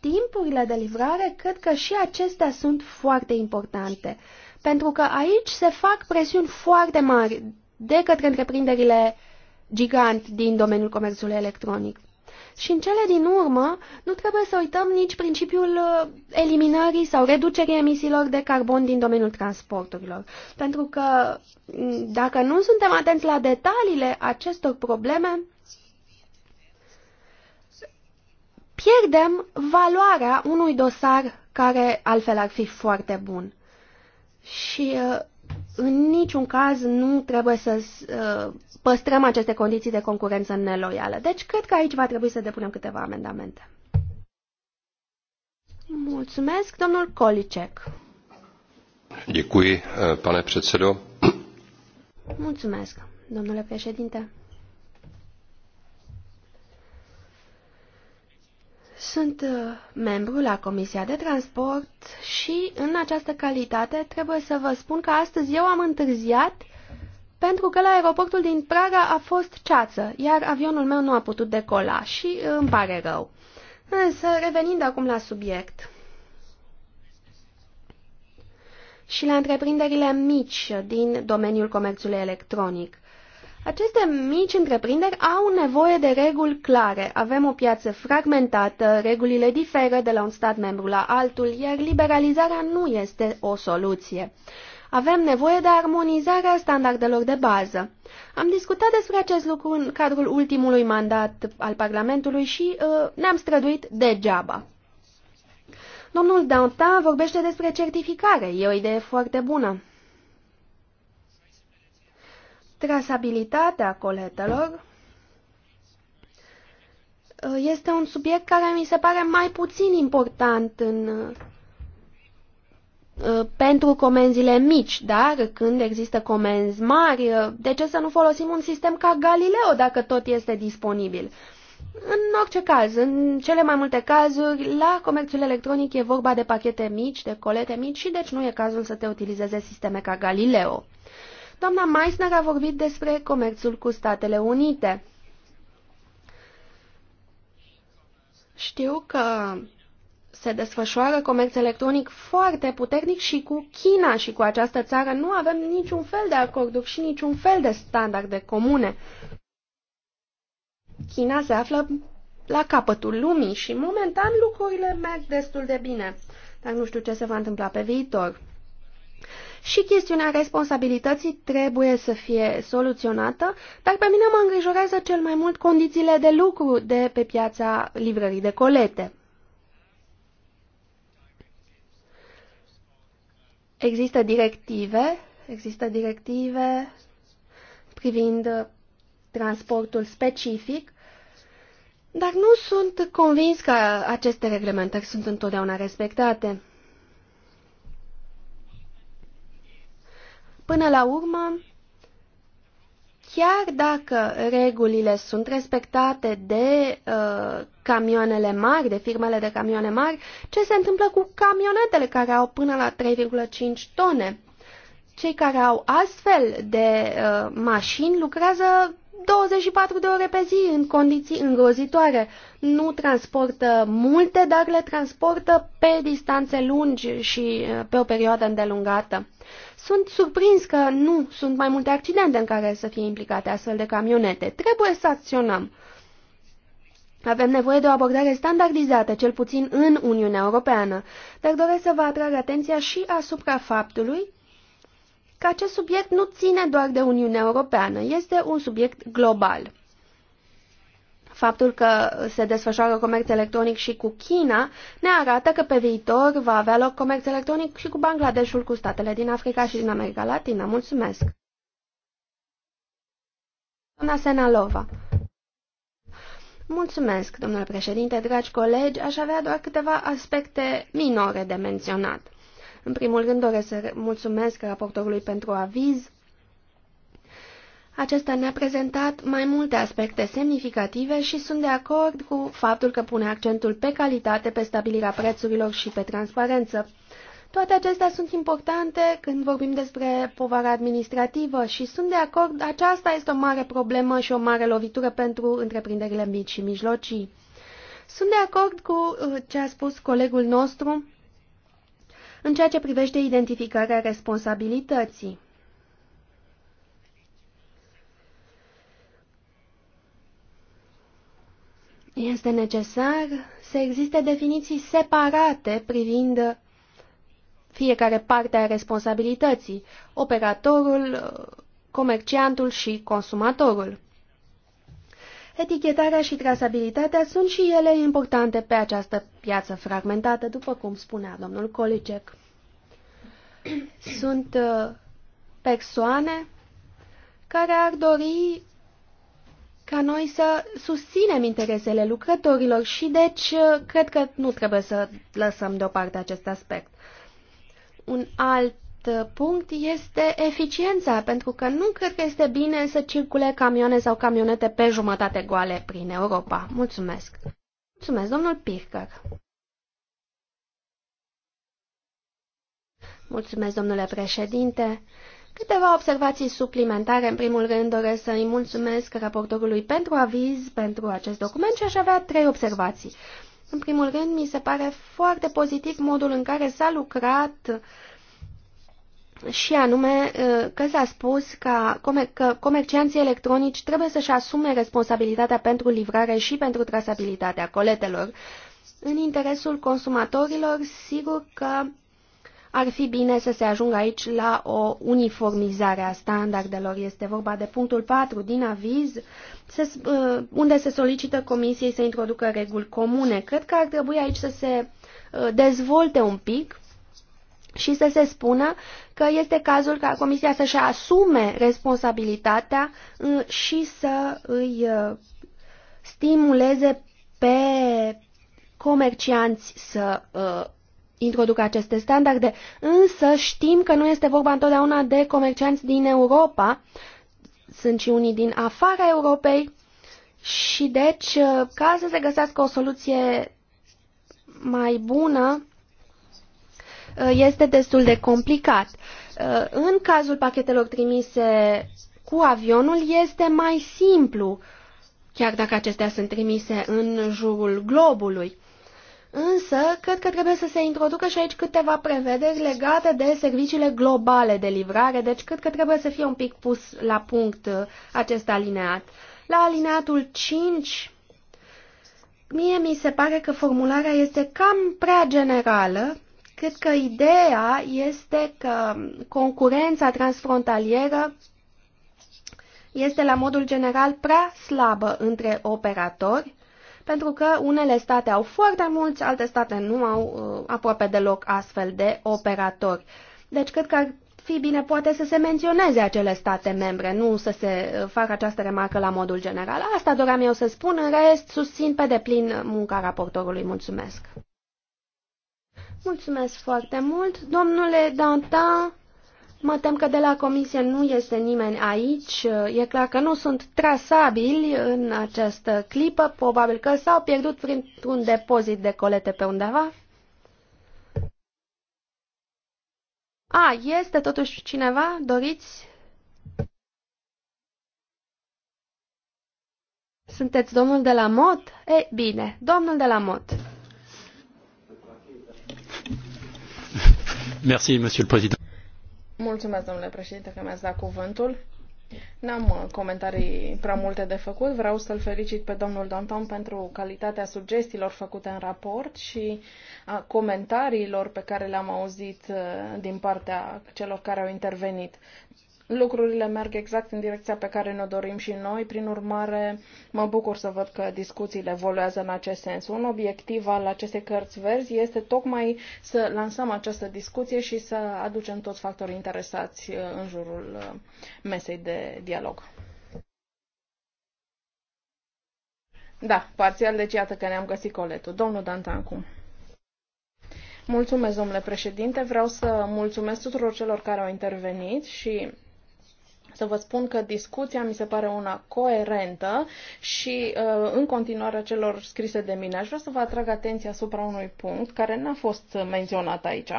timpurile de livrare, cred că și acestea sunt foarte importante, pentru că aici se fac presiuni foarte mari de către întreprinderile gigant din domeniul comerțului electronic. Și în cele din urmă, nu trebuie să uităm nici principiul uh, eliminării sau reducerii emisiilor de carbon din domeniul transporturilor. Pentru că dacă nu suntem atenți la detaliile acestor probleme, pierdem valoarea unui dosar care altfel ar fi foarte bun. Și uh, în niciun caz nu trebuie să uh, păstrăm aceste condiții de concurență neloială. Deci cred că aici va trebui să depunem câteva amendamente. Mulțumesc, domnul Kolicek. Děkuji, eh, pane předsedo. Mulțumesc, domnule președinte. Sunt uh, membru la Comisia de Transport și în această calitate trebuie să vă spun că astăzi eu am întârziat pentru că la aeroportul din Praga a fost ceață, iar avionul meu nu a putut decola și uh, îmi pare rău. Însă, revenind acum la subiect și la întreprinderile mici din domeniul comerțului electronic. Aceste mici întreprinderi au nevoie de reguli clare. Avem o piață fragmentată, regulile diferă de la un stat membru la altul, iar liberalizarea nu este o soluție. Avem nevoie de armonizarea standardelor de bază. Am discutat despre acest lucru în cadrul ultimului mandat al Parlamentului și uh, ne-am străduit degeaba. Domnul Dantin vorbește despre certificare. E o idee foarte bună. Trasabilitatea coletelor uh, este un subiect care mi se pare mai puțin important în, uh, pentru comenzile mici, dar când există comenzi mari, uh, de ce să nu folosim un sistem ca Galileo dacă tot este disponibil? În orice caz, în cele mai multe cazuri, la comerțul electronic e vorba de pachete mici, de colete mici și deci nu e cazul să te utilizeze sisteme ca Galileo. Doamna Meissner a vorbit despre comerțul cu Statele Unite. Știu că se desfășoară comerț electronic foarte puternic și cu China și cu această țară nu avem niciun fel de acorduri și niciun fel de standarde comune. China se află la capătul lumii și momentan lucrurile merg destul de bine, dar nu știu ce se va întâmpla pe viitor și chestiunea responsabilității trebuie să fie soluționată, dar pe mine mă îngrijorează cel mai mult condițiile de lucru de pe piața livrării de colete. Există directive, există directive privind transportul specific, dar nu sunt convins că aceste reglementări sunt întotdeauna respectate. Până la urmă, chiar dacă regulile sunt respectate de uh, camioanele mari, de firmele de camioane mari, ce se întâmplă cu camionetele care au până la 3,5 tone? Cei care au astfel de uh, mașini lucrează 24 de ore pe zi în condiții îngrozitoare. Nu transportă multe, dar le transportă pe distanțe lungi și uh, pe o perioadă îndelungată. Sunt surprins că nu sunt mai multe accidente în care să fie implicate astfel de camionete. Trebuie să acționăm. Avem nevoie de o abordare standardizată, cel puțin în Uniunea Europeană, dar doresc să vă atrag atenția și asupra faptului că acest subiect nu ține doar de Uniunea Europeană, este un subiect global. Faptul că se desfășoară comerț electronic și cu China ne arată că pe viitor va avea loc comerț electronic și cu Bangladeshul, cu statele din Africa și din America Latina. Mulțumesc! Doamna Senalova. Mulțumesc, domnule președinte, dragi colegi, aș avea doar câteva aspecte minore de menționat. În primul rând doresc să mulțumesc raportorului pentru aviz. Acesta ne-a prezentat mai multe aspecte semnificative și sunt de acord cu faptul că pune accentul pe calitate, pe stabilirea prețurilor și pe transparență. Toate acestea sunt importante când vorbim despre povara administrativă și sunt de acord, aceasta este o mare problemă și o mare lovitură pentru întreprinderile mici și mijlocii. Sunt de acord cu uh, ce a spus colegul nostru în ceea ce privește identificarea responsabilității. Este necesar să existe definiții separate privind fiecare parte a responsabilității, operatorul, comerciantul și consumatorul. Etichetarea și trasabilitatea sunt și ele importante pe această piață fragmentată, după cum spunea domnul Kolicek. Sunt uh, persoane care ar dori ca noi să susținem interesele lucrătorilor și deci uh, cred că nu trebuie să lăsăm deoparte acest aspect. Un alt Uh, punct este eficiența, pentru că nu cred că este bine să circule camioane sau camionete pe jumătate goale prin Europa. Mulțumesc! Mulțumesc, domnul Pircăr! Mulțumesc, domnule președinte! Câteva observații suplimentare. În primul rând doresc să-i mulțumesc raportorului pentru aviz, pentru acest document și aș avea trei observații. În primul rând, mi se pare foarte pozitiv modul în care s-a lucrat și anume uh, că s-a spus că, că comercianții electronici trebuie să-și asume responsabilitatea pentru livrare și pentru trasabilitatea coletelor. În interesul consumatorilor, sigur că ar fi bine să se ajungă aici la o uniformizare a standardelor. Este vorba de punctul 4 din aviz, uh, unde se solicită comisiei să introducă reguli comune. Cred că ar trebui aici să se uh, dezvolte un pic și să se spună că este cazul ca Comisia să-și asume responsabilitatea uh, și să îi uh, stimuleze pe comercianți să uh, introducă aceste standarde, însă știm că nu este vorba întotdeauna de comercianți din Europa, sunt și unii din afara Europei și deci ca să se găsească o soluție mai bună, Uh, este destul de complicat. Uh, în cazul pachetelor trimise cu avionul este mai simplu, chiar dacă acestea sunt trimise în jurul globului. Însă, cred că trebuie să se introducă și aici câteva prevederi legate de serviciile globale de livrare, deci cred că trebuie să fie un pic pus la punct uh, acest alineat. La alineatul 5, mie mi se pare că formularea este cam prea generală Cred că ideea este că concurența transfrontalieră este la modul general prea slabă între operatori, pentru că unele state au foarte mulți, alte state nu au uh, aproape deloc astfel de operatori. Deci cred că ar fi bine poate să se menționeze acele state membre, nu să se uh, facă această remarcă la modul general. Asta doream eu să spun, în rest susțin pe deplin munca raportorului. Mulțumesc! Mulțumesc foarte mult. Domnule Danta, mă tem că de la comisie nu este nimeni aici. E clar că nu sunt trasabili în această clipă. Probabil că s-au pierdut printr-un depozit de colete pe undeva. A, este totuși cineva? Doriți? Sunteți domnul de la mod? E, bine, domnul de la mod. Merci, Monsieur le Président. Mulțumesc, domnule președinte, că mi-ați dat cuvântul. N-am uh, comentarii prea multe de făcut. Vreau să-l felicit pe domnul Danton pentru calitatea sugestiilor făcute în raport și a comentariilor pe care le-am auzit uh, din partea celor care au intervenit. Lucrurile merg exact în direcția pe care ne-o dorim și noi, prin urmare mă bucur să văd că discuțiile evoluează în acest sens. Un obiectiv al acestei cărți verzi este tocmai să lansăm această discuție și să aducem toți factorii interesați uh, în jurul uh, mesei de dialog. Da, parțial, deci iată că ne-am găsit coletul. Domnul Dantancu. Mulțumesc, domnule președinte. Vreau să mulțumesc tuturor celor care au intervenit și să vă spun că discuția mi se pare una coerentă și uh, în continuare celor scrise de mine. Aș vrea să vă atrag atenția asupra unui punct care n-a fost menționat aici.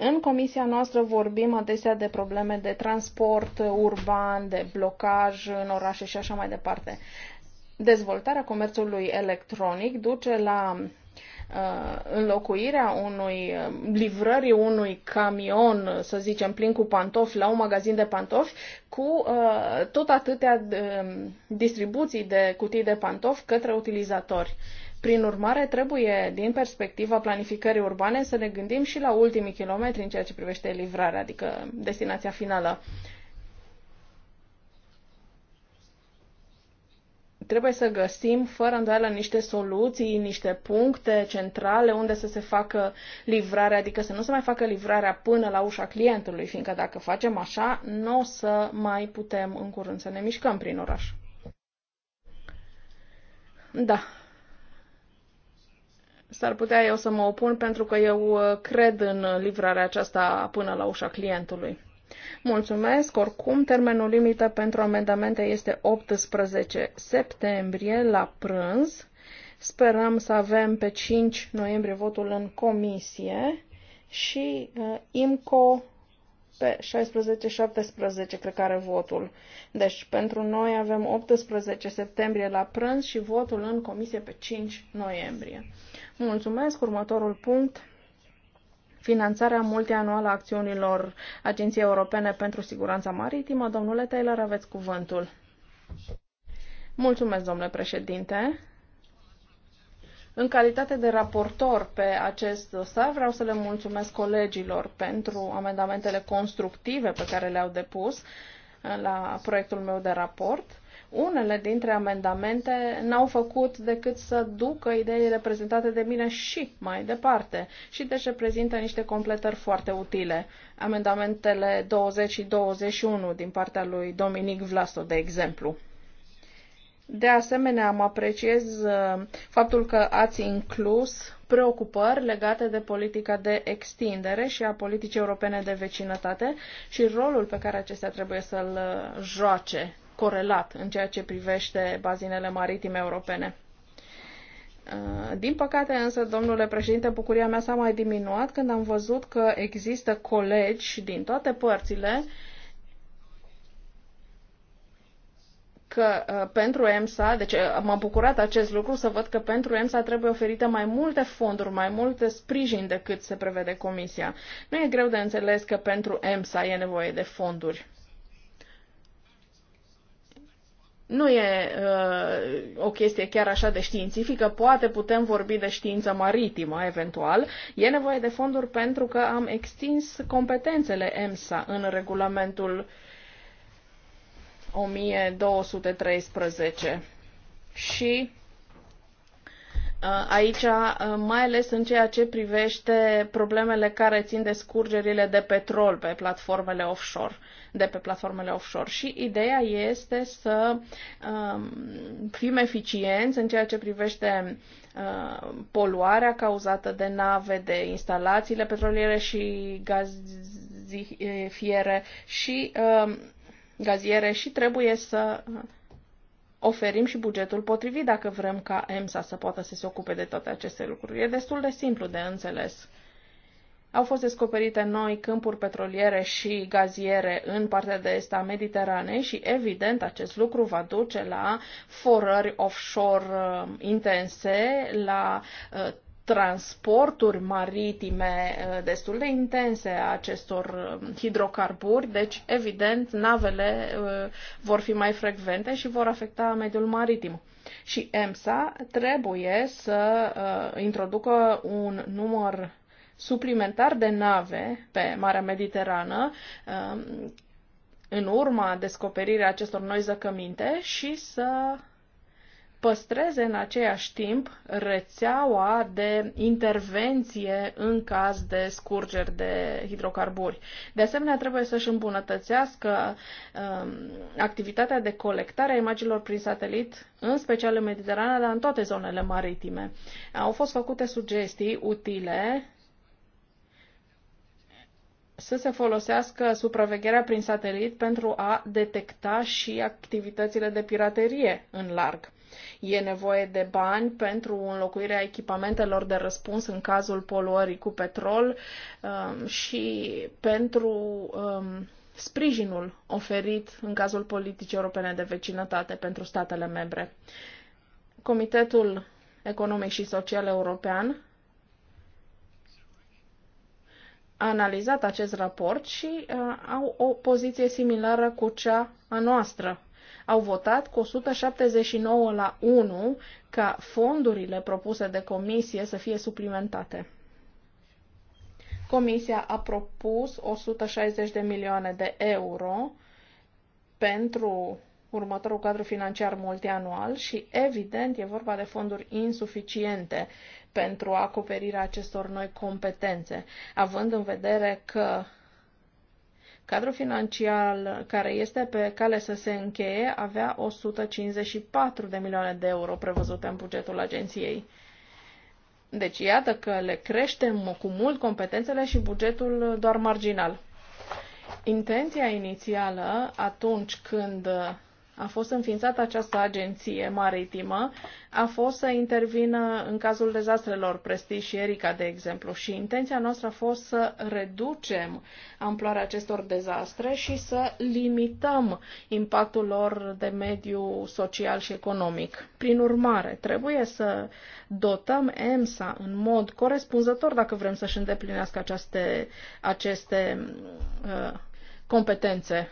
În comisia noastră vorbim adesea de probleme de transport urban, de blocaj în orașe și așa mai departe. Dezvoltarea comerțului electronic duce la Uh, înlocuirea unui, uh, livrării unui camion, să zicem, plin cu pantofi la un magazin de pantofi, cu uh, tot atâtea uh, distribuții de cutii de pantofi către utilizatori. Prin urmare, trebuie, din perspectiva planificării urbane, să ne gândim și la ultimii kilometri în ceea ce privește livrarea, adică destinația finală. Uh, trebuie să găsim fără îndoială niște soluții, niște puncte centrale unde să se facă livrarea, adică să nu se mai facă livrarea până la ușa clientului, fiindcă dacă facem așa, nu o să mai putem în curând să ne mișcăm prin oraș. Da. S-ar putea eu să mă opun pentru că eu uh, cred în livrarea aceasta până la ușa clientului. Mulțumesc. Oricum, termenul limită pentru amendamente este 18 septembrie la prânz. Sperăm să avem pe 5 noiembrie votul în comisie și uh, IMCO pe 16-17, cred că are votul. Deci, pentru noi avem 18 septembrie la prânz și votul în comisie pe 5 noiembrie. Mulțumesc. Următorul punct finanțarea multianuală a acțiunilor Agenției Europene pentru Siguranța Maritimă. Domnule Taylor, aveți cuvântul. Mulțumesc, domnule președinte. În calitate de raportor pe acest dosar, vreau să le mulțumesc colegilor pentru amendamentele constructive pe care le-au depus la proiectul meu de raport. Unele dintre amendamente n-au făcut decât să ducă ideile reprezentate de mine și mai departe și deci reprezintă niște completări foarte utile. Amendamentele 20 și 21 din partea lui Dominic Vlasto, de exemplu. De asemenea, am apreciez uh, faptul că ați inclus preocupări legate de politica de extindere și a politicii europene de vecinătate și rolul pe care acestea trebuie să-l uh, joace corelat în ceea ce privește bazinele maritime europene. Uh, din păcate însă, domnule președinte, bucuria mea s-a mai diminuat când am văzut că există colegi din toate părțile că uh, pentru EMSA, deci uh, m-am bucurat acest lucru să văd că pentru EMSA trebuie oferite mai multe fonduri, mai multe sprijin decât se prevede Comisia. Nu e greu de înțeles că pentru EMSA e nevoie de fonduri. nu e uh, o chestie chiar așa de științifică, poate putem vorbi de știință maritimă, eventual. E nevoie de fonduri pentru că am extins competențele EMSA în regulamentul 1213 și Uh, aici, uh, mai ales în ceea ce privește problemele care țin de scurgerile de petrol pe platformele offshore, de pe platformele offshore. Și ideea este să um, fim eficienți în ceea ce privește uh, poluarea cauzată de nave, de instalațiile petroliere și gazifiere și um, gaziere și trebuie să oferim și bugetul potrivit dacă vrem ca EMSA să poată să se ocupe de toate aceste lucruri. E destul de simplu de înțeles. Au fost descoperite noi câmpuri petroliere și gaziere în partea de est a Mediteranei și, evident, acest lucru va duce la forări offshore uh, intense, la uh, transporturi maritime uh, destul de intense a acestor um, hidrocarburi, deci evident navele uh, vor fi mai frecvente și vor afecta mediul maritim. Și EMSA trebuie să uh, introducă un număr suplimentar de nave pe Marea Mediterană um, în urma descoperirii acestor noi zăcăminte și să păstreze în aceeași timp rețeaua de intervenție în caz de scurgeri de hidrocarburi. De asemenea, trebuie să-și îmbunătățească um, activitatea de colectare a imaginilor prin satelit, în special în Mediterana, dar în toate zonele maritime. Au fost făcute sugestii utile să se folosească supravegherea prin satelit pentru a detecta și activitățile de piraterie în larg. E nevoie de bani pentru înlocuirea echipamentelor de răspuns în cazul poluării cu petrol um, și pentru um, sprijinul oferit în cazul politicii europene de vecinătate pentru statele membre. Comitetul Economic și Social European a analizat acest raport și uh, au o poziție similară cu cea a noastră au votat cu 179 la 1 ca fondurile propuse de comisie să fie suplimentate. Comisia a propus 160 de milioane de euro pentru următorul cadru financiar multianual și, evident, e vorba de fonduri insuficiente pentru acoperirea acestor noi competențe, având în vedere că Cadrul financiar care este pe cale să se încheie avea 154 de milioane de euro prevăzute în bugetul agenției. Deci iată că le creștem cu mult competențele și bugetul doar marginal. Intenția inițială atunci când a fost înființată această agenție maritimă, a fost să intervină în cazul dezastrelor Prestige și Erika, de exemplu, și intenția noastră a fost să reducem amploarea acestor dezastre și să limităm impactul lor de mediu social și economic. Prin urmare, trebuie să dotăm EMSA în mod corespunzător dacă vrem să-și îndeplinească aceste, aceste uh, competențe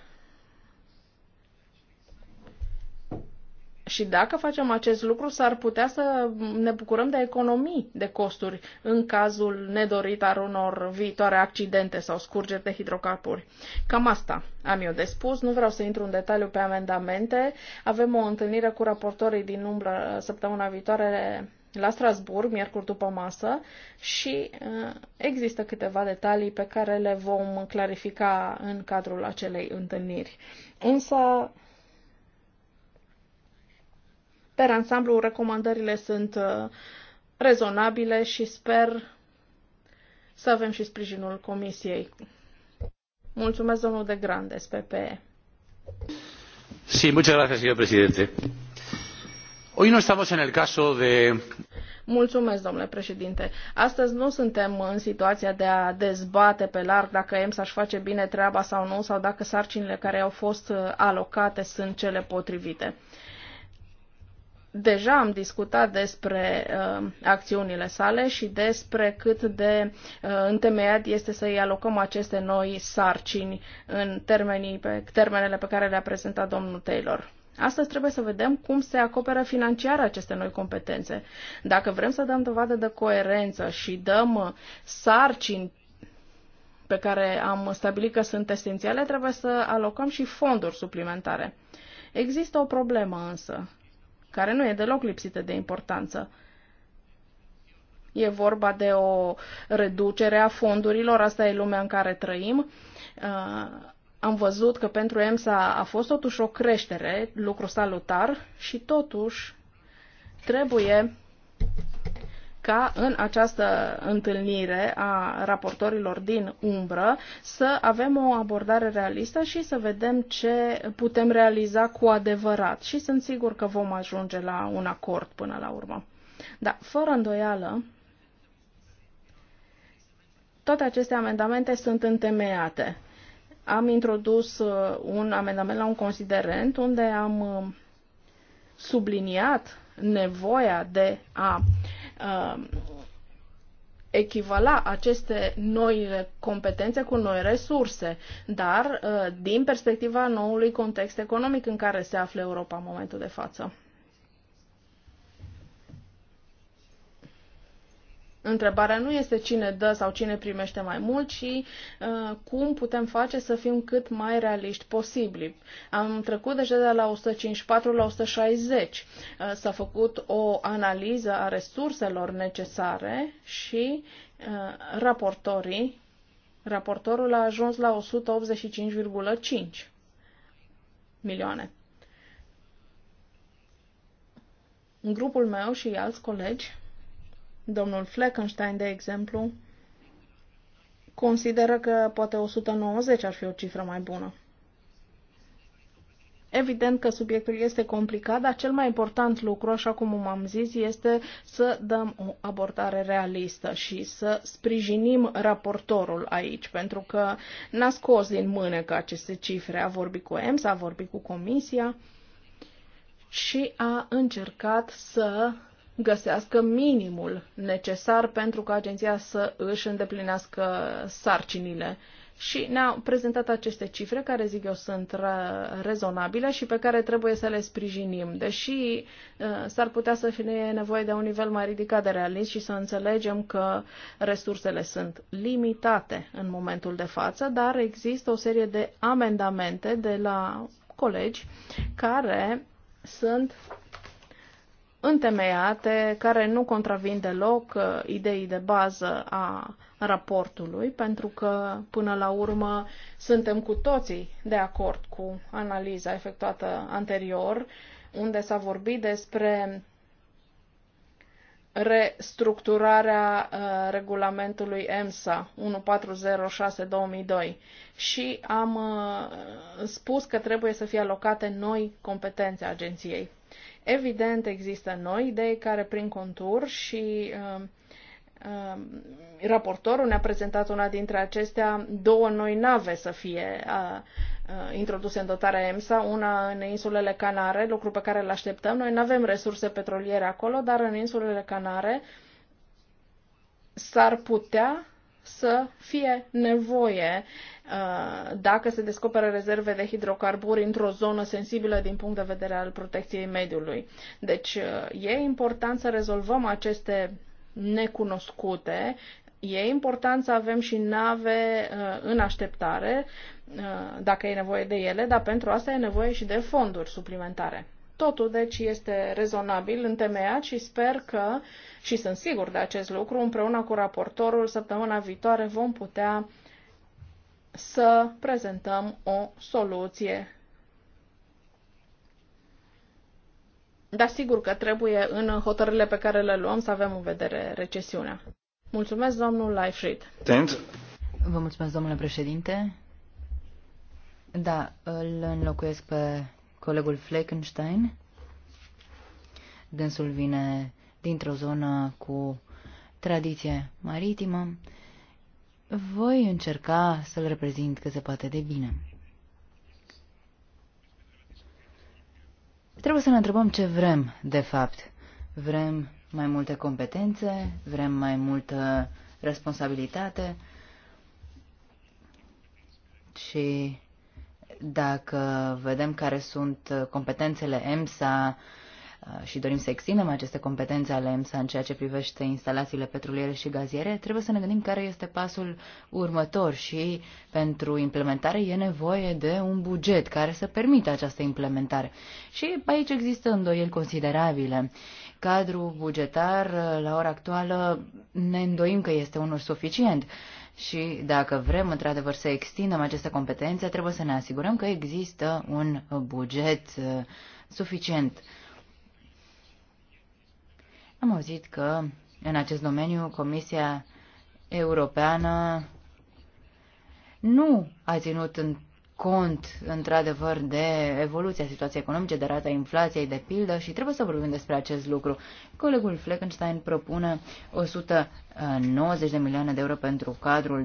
Și dacă facem acest lucru, s-ar putea să ne bucurăm de economii de costuri în cazul nedorit al unor viitoare accidente sau scurgeri de hidrocarburi. Cam asta am eu de spus. Nu vreau să intru în detaliu pe amendamente. Avem o întâlnire cu raportorii din umbră săptămâna viitoare la Strasburg, miercuri după masă, și uh, există câteva detalii pe care le vom clarifica în cadrul acelei întâlniri. Însă, Per ansamblu, recomandările sunt uh, rezonabile și sper să avem și sprijinul Comisiei. Mulțumesc, domnul de Grande, PPE. Sí, muchas gracias, señor presidente. Hoy no estamos en el caso de... Mulțumesc, domnule președinte. Astăzi nu suntem în situația de a dezbate pe larg dacă EMS aș face bine treaba sau nu, sau dacă sarcinile care au fost uh, alocate sunt cele potrivite. Deja am discutat despre uh, acțiunile sale și despre cât de uh, întemeiat este să-i alocăm aceste noi sarcini în termenii pe, termenele pe care le-a prezentat domnul Taylor. Astăzi trebuie să vedem cum se acoperă financiar aceste noi competențe. Dacă vrem să dăm dovadă de coerență și dăm uh, sarcini pe care am stabilit că sunt esențiale, trebuie să alocăm și fonduri suplimentare. Există o problemă însă care nu e deloc lipsită de importanță. E vorba de o reducere a fondurilor, asta e lumea în care trăim. Uh, am văzut că pentru EMSA a fost totuși o creștere, lucru salutar, și totuși trebuie ca în această întâlnire a raportorilor din umbră să avem o abordare realistă și să vedem ce putem realiza cu adevărat. Și sunt sigur că vom ajunge la un acord până la urmă. Da, fără îndoială, toate aceste amendamente sunt întemeiate. Am introdus uh, un amendament la un considerent unde am uh, subliniat nevoia de a uh, Um, echivala aceste noi competențe cu noi resurse, dar uh, din perspectiva noului context economic în care se află Europa în momentul de față. Întrebarea nu este cine dă sau cine primește mai mult, ci uh, cum putem face să fim cât mai realiști posibili. Am trecut deja de la 154 la 160. Uh, s-a făcut o analiză a resurselor necesare și uh, raportorii, raportorul a ajuns la 185,5 milioane. În grupul meu și alți colegi Domnul Fleckenstein, de exemplu, consideră că poate 190 ar fi o cifră mai bună. Evident că subiectul este complicat, dar cel mai important lucru, așa cum am zis, este să dăm o abordare realistă și să sprijinim raportorul aici, pentru că n-a scos din că aceste cifre. A vorbit cu EMS, a vorbit cu Comisia și a încercat să găsească minimul necesar pentru ca agenția să își îndeplinească sarcinile. Și ne-au prezentat aceste cifre care, zic eu, sunt rezonabile și pe care trebuie să le sprijinim. Deși uh, s-ar putea să fie nevoie de un nivel mai ridicat de realism și să înțelegem că resursele sunt limitate în momentul de față, dar există o serie de amendamente de la colegi care sunt întemeiate, care nu contravin deloc uh, ideii de bază a raportului, pentru că, până la urmă, suntem cu toții de acord cu analiza efectuată anterior, unde s-a vorbit despre restructurarea uh, regulamentului EMSA 1406-2002 și am uh, spus că trebuie să fie alocate noi competențe agenției. Evident, există noi idei care prin contur și uh, uh, raportorul ne-a prezentat una dintre acestea, două noi nave să fie uh, introduse în dotarea EMSA, una în insulele Canare, lucru pe care îl așteptăm. Noi nu avem resurse petroliere acolo, dar în insulele Canare s-ar putea să fie nevoie Uh, dacă se descoperă rezerve de hidrocarburi într-o zonă sensibilă din punct de vedere al protecției mediului. Deci uh, e important să rezolvăm aceste necunoscute. E important să avem și nave uh, în așteptare, dacă e nevoie de ele, dar pentru asta e nevoie și de fonduri suplimentare. Totul, deci, este rezonabil, întemeiat și sper că, și sunt sigur de acest lucru, împreună cu raportorul, săptămâna viitoare vom putea uh, să prezentăm o soluție. Dar sigur că trebuie în hotărârile pe care le luăm să avem în vedere recesiunea. Mulțumesc, domnul Leifried. Tent. Vă mulțumesc, domnule președinte. Da, îl înlocuiesc pe colegul Fleckenstein. Dânsul vine dintr-o zonă cu tradiție maritimă voi încerca să-l reprezint cât se poate de bine. Trebuie să ne întrebăm ce vrem, de fapt. Vrem mai multe competențe, vrem mai multă responsabilitate și dacă vedem care sunt competențele EMSA, Uh, și dorim să extindem aceste competențe ale EMSA în ceea ce privește instalațiile petroliere și gaziere, trebuie să ne gândim care este pasul următor și pentru implementare e nevoie de un buget care să permită această implementare. Și aici există îndoieli considerabile. Cadrul bugetar uh, la ora actuală ne îndoim că este unul suficient. Și dacă vrem într-adevăr să extindem aceste competențe, trebuie să ne asigurăm că există un buget uh, suficient am auzit că în acest domeniu Comisia Europeană nu a ținut cont, într-adevăr, de evoluția situației economice, de rata inflației, de pildă și trebuie să vorbim despre acest lucru. Colegul Fleckenstein propune 190 de milioane de euro pentru cadrul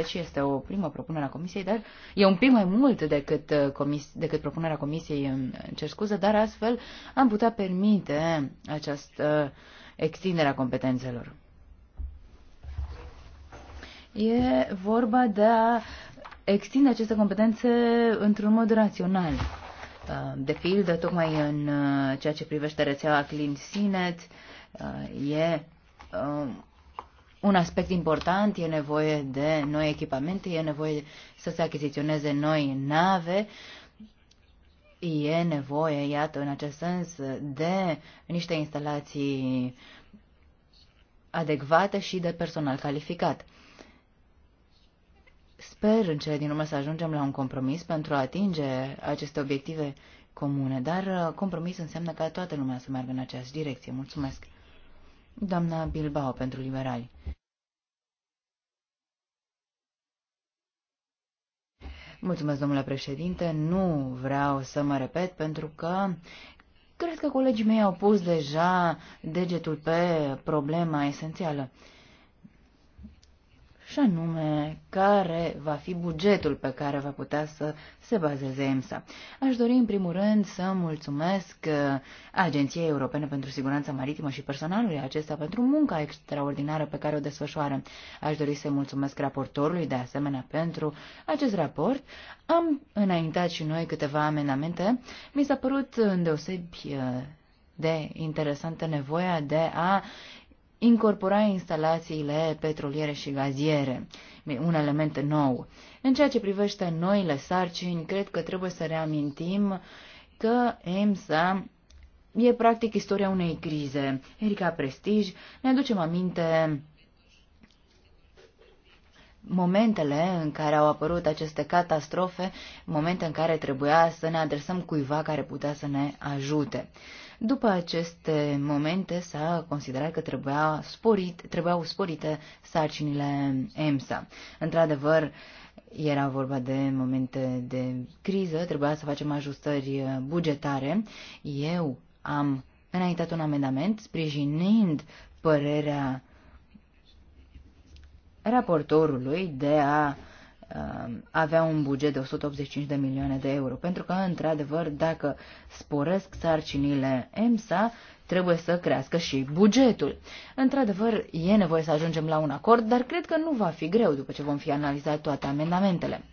2014-2020 și este o primă propunere a Comisiei, dar e un pic mai mult decât, uh, comis- decât propunerea Comisiei, cer scuze, dar astfel am putea permite această extindere a competențelor. E vorba de a extinde aceste competențe într-un mod rațional. Uh, de pildă, tocmai în uh, ceea ce privește rețeaua Clean Sinet, uh, e un aspect important, e nevoie de noi echipamente, e nevoie să se achiziționeze noi nave, e nevoie, iată, în acest sens, de niște instalații adecvate și de personal calificat. Sper în cele din urmă să ajungem la un compromis pentru a atinge aceste obiective comune, dar uh, compromis înseamnă ca toată lumea să meargă în aceeași direcție. Mulțumesc. Doamna Bilbao pentru liberali. Mulțumesc, domnule președinte. Nu vreau să mă repet pentru că cred că colegii mei au pus deja degetul pe problema esențială și anume care va fi bugetul pe care va putea să se bazeze EMSA. Aș dori în primul rând să mulțumesc uh, Agenției Europene pentru Siguranța Maritimă și personalului acesta pentru munca extraordinară pe care o desfășoară. Aș dori să mulțumesc raportorului de asemenea pentru acest raport. Am înaintat și noi câteva amendamente. Mi s-a părut îndeosebi uh, de interesantă nevoia de a incorpora instalațiile petroliere și gaziere, un element nou. În ceea ce privește noile sarcini, cred că trebuie să reamintim că EMSA e practic istoria unei crize. Erica Prestij ne aducem aminte momentele în care au apărut aceste catastrofe, momente în care trebuia să ne adresăm cuiva care putea să ne ajute. După aceste momente s-a considerat că trebuia sporit, trebuiau sporite sarcinile EMSA. Într-adevăr, era vorba de momente de criză, trebuia să facem ajustări bugetare. Eu am înaintat un amendament sprijinind părerea raportorului de a Um, avea un buget de 185 de milioane de euro. Pentru că, într-adevăr, dacă sporesc sarcinile EMSA, trebuie să crească și bugetul. Într-adevăr, e nevoie să ajungem la un acord, dar cred că nu va fi greu după ce vom fi analizat toate amendamentele.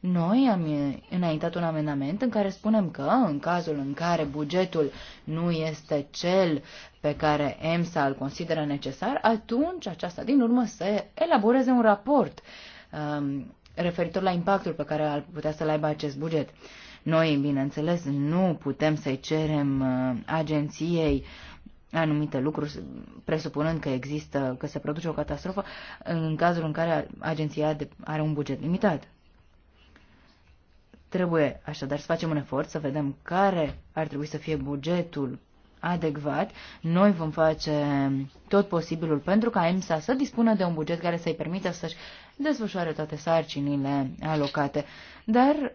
Noi am înaintat un amendament în care spunem că, în cazul în care bugetul nu este cel pe care EMSA îl consideră necesar, atunci aceasta din urmă să elaboreze un raport um, referitor la impactul pe care ar putea să-l aibă acest buget. Noi, bineînțeles, nu putem să-i cerem uh, agenției anumite lucruri, presupunând că există, că se produce o catastrofă, în cazul în care agenția are un buget limitat. Trebuie așadar să facem un efort să vedem care ar trebui să fie bugetul adecvat. Noi vom face tot posibilul pentru ca EMSA să dispună de un buget care să-i permită să-și desfășoare toate sarcinile alocate. Dar,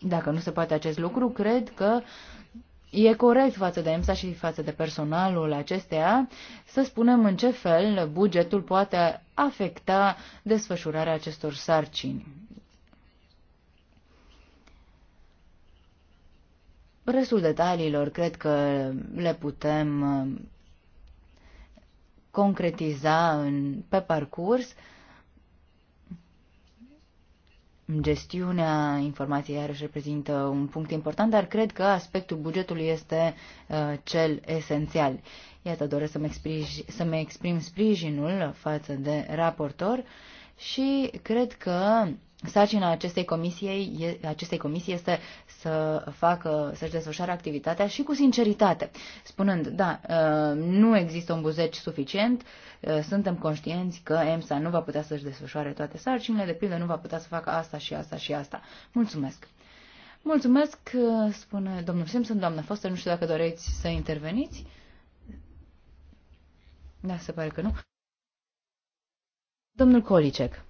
dacă nu se poate acest lucru, cred că E corect față de EMSA și față de personalul acesteia să spunem în ce fel bugetul poate afecta desfășurarea acestor sarcini. Restul detaliilor cred că le putem uh, concretiza în, pe parcurs. Gestiunea informației iarăși reprezintă un punct important, dar cred că aspectul bugetului este uh, cel esențial. Iată, doresc să-mi exprim, să exprim sprijinul față de raportor și cred că Sarcina acestei comisii, acestei comisii este să facă, să-și desfășoare activitatea și cu sinceritate, spunând, da, ă, nu există un buzeci suficient, ă, suntem conștienți că EMSA nu va putea să-și desfășoare toate sarcinile, de pildă nu va putea să facă asta și asta și asta. Mulțumesc! Mulțumesc, ă, spune domnul Simpson, doamna Foster, nu știu dacă doreți să interveniți. Da, se pare că nu. Domnul Kolicek.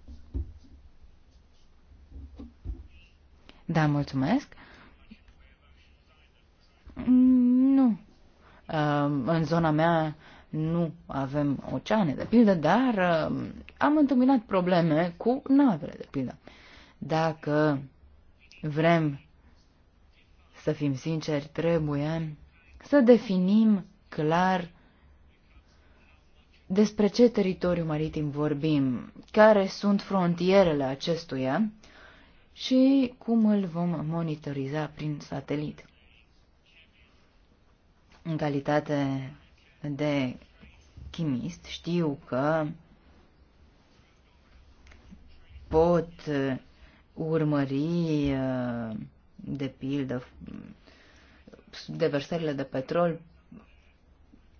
Da, mulțumesc. Nu. În zona mea nu avem oceane, de pildă, dar am întâmpinat probleme cu navele, de pildă. Dacă vrem să fim sinceri, trebuie să definim clar despre ce teritoriu maritim vorbim, care sunt frontierele acestuia și cum îl vom monitoriza prin satelit. În calitate de chimist, știu că pot urmări, de pildă, deversările de petrol,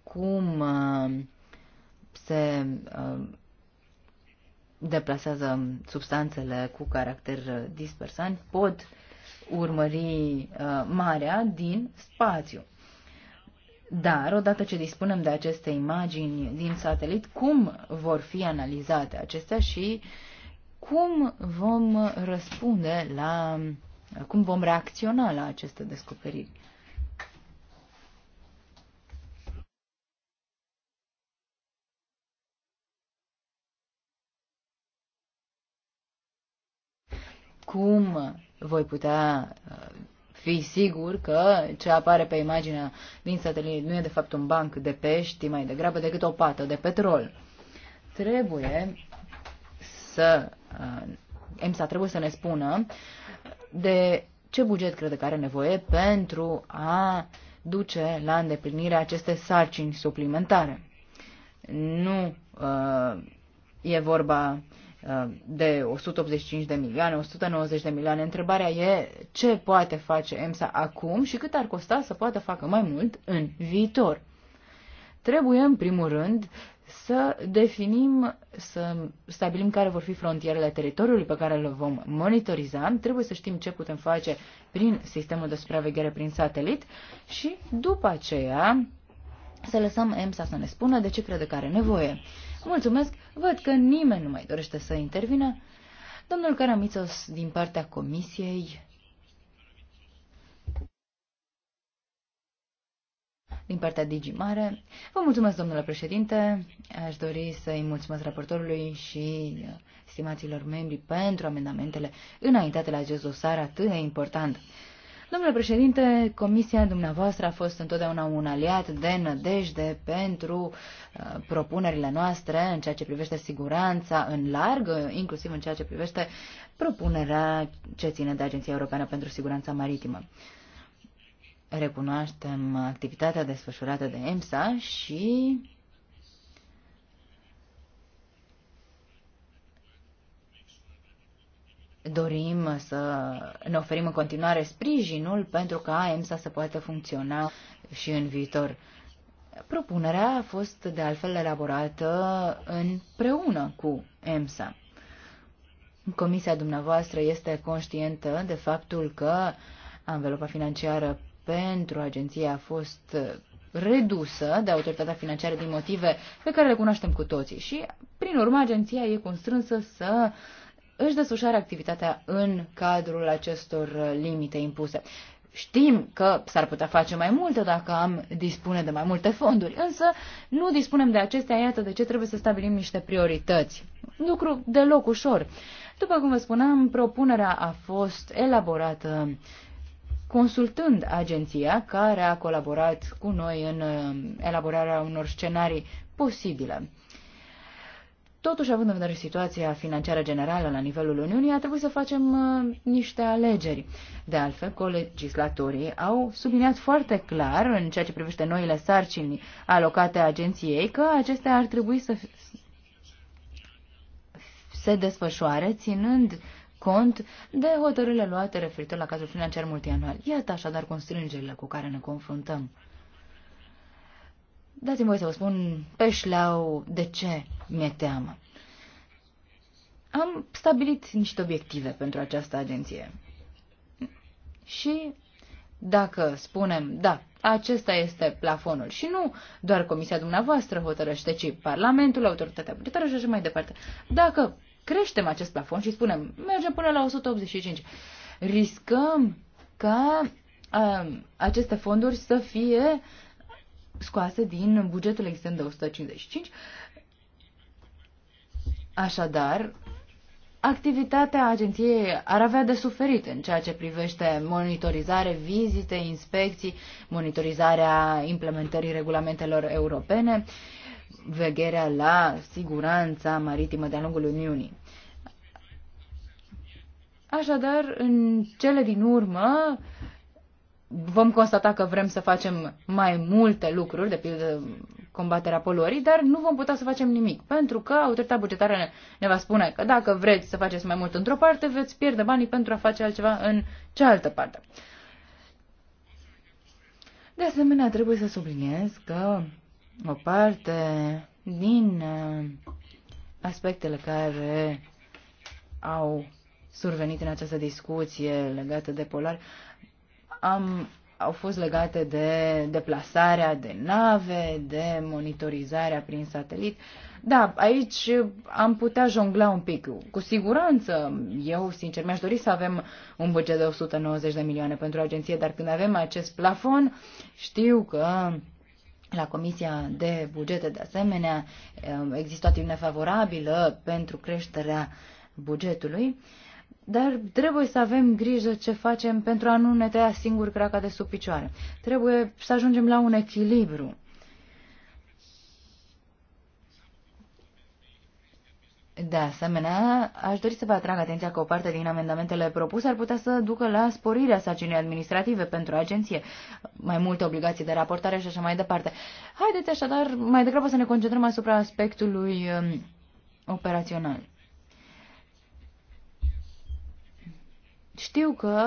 cum se deplasează substanțele cu caracter dispersant pot urmări uh, marea din spațiu. Dar, odată ce dispunem de aceste imagini din satelit, cum vor fi analizate acestea și cum vom răspunde la, cum vom reacționa la aceste descoperiri? cum voi putea uh, fi sigur că ce apare pe imaginea din satelit nu e de fapt un banc de pești mai degrabă decât o pată de petrol. Trebuie să uh, EMSA trebuie să ne spună de ce buget crede că are nevoie pentru a duce la îndeplinire aceste sarcini suplimentare. Nu uh, e vorba de 185 de milioane, 190 de milioane. Întrebarea e ce poate face EMSA acum și cât ar costa să poată facă mai mult în viitor. Trebuie, în primul rând, să definim, să stabilim care vor fi frontierele teritoriului pe care le vom monitoriza, trebuie să știm ce putem face prin sistemul de supraveghere prin satelit și după aceea să lăsăm EMSA să ne spună de ce crede că are nevoie. Mulțumesc! Văd că nimeni nu mai dorește să intervină. Domnul Caramitos, din partea comisiei, din partea Digimare. Vă mulțumesc, domnule președinte. Aș dori să-i mulțumesc raportorului și uh, stimaților membri pentru amendamentele înaintate la acest dosar atât de important. Domnule președinte, comisia dumneavoastră a fost întotdeauna un aliat de nădejde pentru uh, propunerile noastre în ceea ce privește siguranța în larg, inclusiv în ceea ce privește propunerea ce ține de Agenția Europeană pentru Siguranța Maritimă. Recunoaștem activitatea desfășurată de EMSA și dorim să ne oferim în continuare sprijinul pentru ca EMSA să poată funcționa și în viitor. Propunerea a fost de altfel elaborată împreună cu EMSA. Comisia dumneavoastră este conștientă de faptul că anvelopa financiară pentru agenție a fost redusă de autoritatea financiară din motive pe care le cunoaștem cu toții și, prin urmă, agenția e constrânsă să uh, își desfășoară activitatea în cadrul acestor uh, limite impuse. Știm că s-ar putea face mai multe dacă am dispune de mai multe fonduri, însă nu dispunem de acestea, iată de ce trebuie să stabilim niște priorități. Lucru deloc ușor. După cum vă spuneam, propunerea a fost elaborată consultând agenția care a colaborat cu noi în uh, elaborarea unor scenarii posibile. Totuși, având în vedere situația financiară generală la nivelul Uniunii, a trebuit să facem uh, niște alegeri. De altfel, colegislatorii au subliniat foarte clar, în ceea ce privește noile sarcini alocate agenției, că acestea ar trebui să se desfășoare ținând cont de hotărârile luate referitor la cazul financiar multianual. Iată așadar constrângerile cu care ne confruntăm. Dați-mi voi să vă spun pe șleau de ce mi-e teamă. Am stabilit niște obiective pentru această agenție. Și dacă spunem, da, acesta este plafonul și nu doar comisia dumneavoastră hotărăște, ci Parlamentul, autoritatea bugetară și așa mai departe. Dacă creștem acest plafon și spunem, mergem până la 185, riscăm ca a, um, aceste fonduri să fie scoase din bugetul existent de 155. Așadar, activitatea agenției ar avea de suferit în ceea ce privește monitorizare, vizite, inspecții, monitorizarea implementării regulamentelor europene, vegherea la siguranța maritimă de-a lungul Uniunii. Așadar, în cele din urmă, vom constata că vrem să facem mai multe lucruri, de pildă combaterea poluării, dar nu vom putea să facem nimic, pentru că autoritatea bugetară ne, ne va spune că dacă vreți să faceți mai mult într-o parte, veți pierde banii pentru a face altceva în cealaltă parte. De asemenea, trebuie să subliniez că o parte din uh, aspectele care au survenit în această discuție legată de polar am, au fost legate de deplasarea de nave, de monitorizarea prin satelit. Da, aici am putea jongla un pic. Cu siguranță, eu sincer mi-aș dori să avem un buget de 190 de milioane pentru agenție, dar când avem acest plafon, știu că la Comisia de Bugete, de asemenea, um, există o atitudine favorabilă pentru creșterea bugetului. Dar trebuie să avem grijă ce facem pentru a nu ne tăia singur craca de sub picioare. Trebuie să ajungem la un echilibru. De asemenea, aș dori să vă atrag atenția că o parte din amendamentele propuse ar putea să ducă la sporirea sarcinii administrative pentru agenție, mai multe obligații de raportare și așa mai departe. Haideți așadar mai degrabă să ne concentrăm asupra aspectului um, operațional. Știu că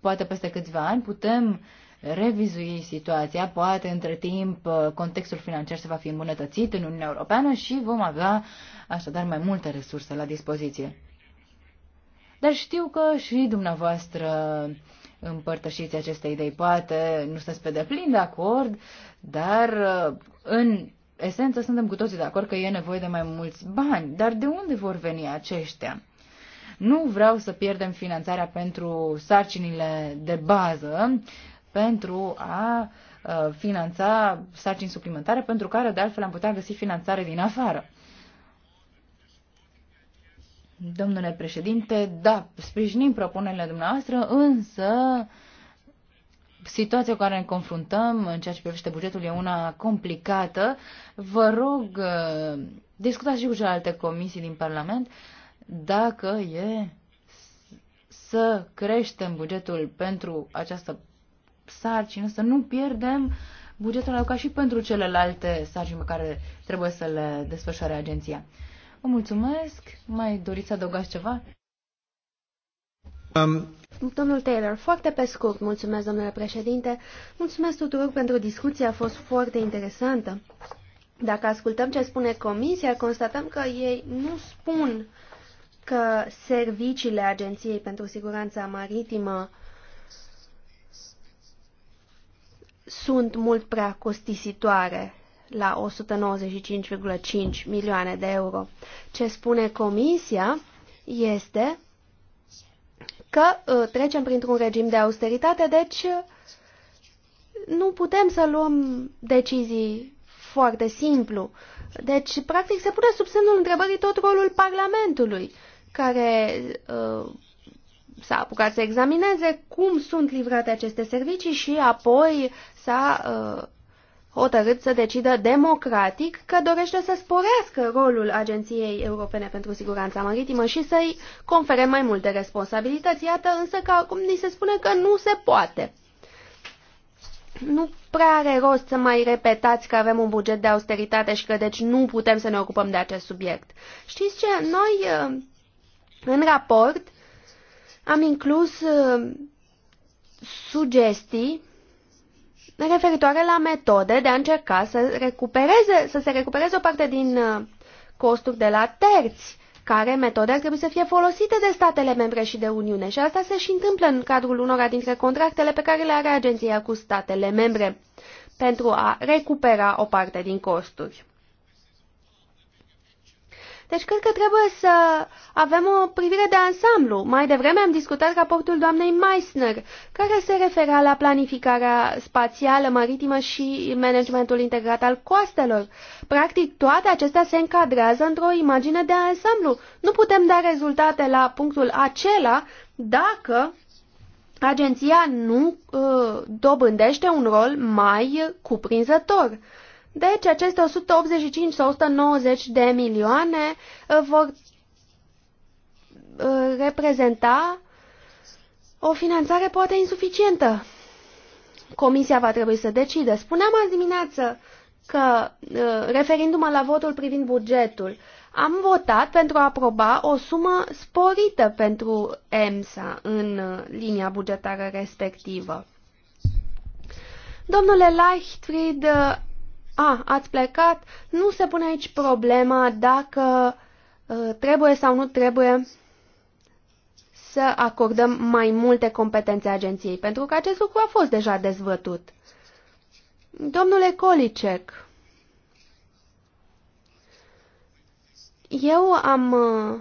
poate peste câțiva ani putem revizui situația, poate între timp uh, contextul financiar se va fi îmbunătățit în Uniunea Europeană și vom avea așadar mai multe resurse la dispoziție. Dar știu că și dumneavoastră împărtășiți aceste idei. Poate nu sunteți pe deplin de acord, dar uh, în esență suntem cu toții de acord că e nevoie de mai mulți bani. Dar de unde vor veni aceștia? Nu vreau să pierdem finanțarea pentru sarcinile de bază, pentru a uh, finanța sarcini suplimentare, pentru care de altfel am putea găsi finanțare din afară. Domnule președinte, da, sprijinim propunerile dumneavoastră, însă situația cu care ne confruntăm în ceea ce privește bugetul e una complicată. Vă rog, uh, discutați și cu celelalte comisii din Parlament dacă e să creștem bugetul pentru această sarcină, să nu pierdem bugetul alocat și pentru celelalte sarcini pe care trebuie să le desfășoare agenția. Vă mulțumesc. Mai doriți să adăugați ceva? Um. Domnul Taylor, foarte pe scurt, mulțumesc, domnule președinte. Mulțumesc tuturor pentru discuție, a fost foarte interesantă. Dacă ascultăm ce spune comisia, constatăm că ei nu spun uh, că serviciile Agenției pentru Siguranța Maritimă sunt mult prea costisitoare la 195,5 milioane de euro. Ce spune Comisia este că uh, trecem printr-un regim de austeritate, deci uh, nu putem să luăm decizii foarte simplu. Deci, practic, se pune sub semnul întrebării tot rolul Parlamentului care uh, s-a apucat să examineze cum sunt livrate aceste servicii și apoi s-a uh, hotărât să decidă democratic că dorește să sporească rolul Agenției Europene pentru Siguranța Maritimă și să-i confere mai multe responsabilități. Iată însă că acum ni se spune că nu se poate. Nu prea are rost să mai repetați că avem un buget de austeritate și că deci nu putem să ne ocupăm de acest subiect. Știți ce? Noi uh, în raport am inclus uh, sugestii referitoare la metode de a încerca să, recupereze, să se recupereze o parte din uh, costuri de la terți, care metode ar trebui să fie folosite de statele membre și de Uniune și asta se și întâmplă în cadrul unora dintre contractele pe care le are agenția cu statele membre pentru a recupera o parte din costuri. Deci cred că trebuie să avem o privire de ansamblu. Mai devreme am discutat raportul doamnei Meissner, care se refera la planificarea spațială, maritimă și managementul integrat al coastelor. Practic, toate acestea se încadrează într-o imagine de ansamblu. Nu putem da rezultate la punctul acela dacă agenția nu uh, dobândește un rol mai cuprinzător. Deci aceste 185 sau 190 de milioane uh, vor uh, reprezenta o finanțare poate insuficientă. Comisia va trebui să decide. Spuneam azi dimineață că, uh, referindu-mă la votul privind bugetul, am votat pentru a aproba o sumă sporită pentru EMSA în linia bugetară respectivă. Domnule Leichtfried, a, ați plecat, nu se pune aici problema dacă uh, trebuie sau nu trebuie să acordăm mai multe competențe agenției, pentru că acest lucru a fost deja dezvătut. Domnule Kolicek, eu am uh,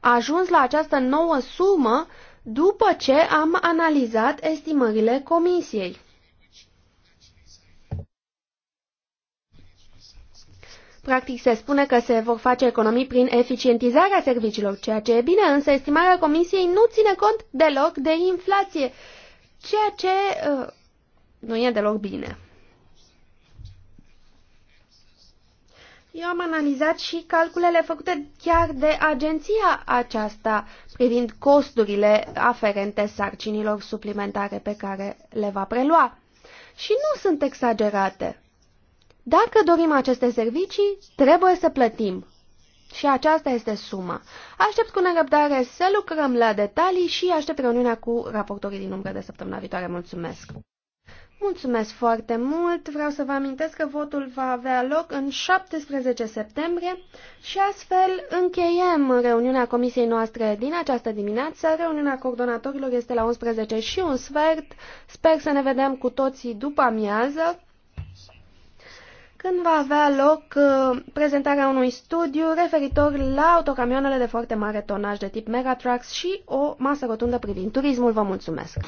ajuns la această nouă sumă după ce am analizat estimările comisiei. Practic se spune că se vor face economii prin eficientizarea serviciilor, ceea ce e bine, însă estimarea Comisiei nu ține cont deloc de inflație, ceea ce uh, nu e deloc bine. Eu am analizat și calculele făcute chiar de agenția aceasta privind costurile aferente sarcinilor suplimentare pe care le va prelua. Și nu sunt exagerate. Dacă dorim aceste servicii, trebuie să plătim. Și aceasta este suma. Aștept cu nerăbdare să lucrăm la detalii și aștept reuniunea cu raportorii din umbră de săptămâna viitoare. Mulțumesc! Mulțumesc foarte mult! Vreau să vă amintesc că votul va avea loc în 17 septembrie și astfel încheiem reuniunea comisiei noastre din această dimineață. Reuniunea coordonatorilor este la 11 și un sfert. Sper să ne vedem cu toții după amiază când va avea loc uh, prezentarea unui studiu referitor la autocamioanele de foarte mare tonaj de tip Megatrucks și o masă rotundă privind turismul. Vă mulțumesc!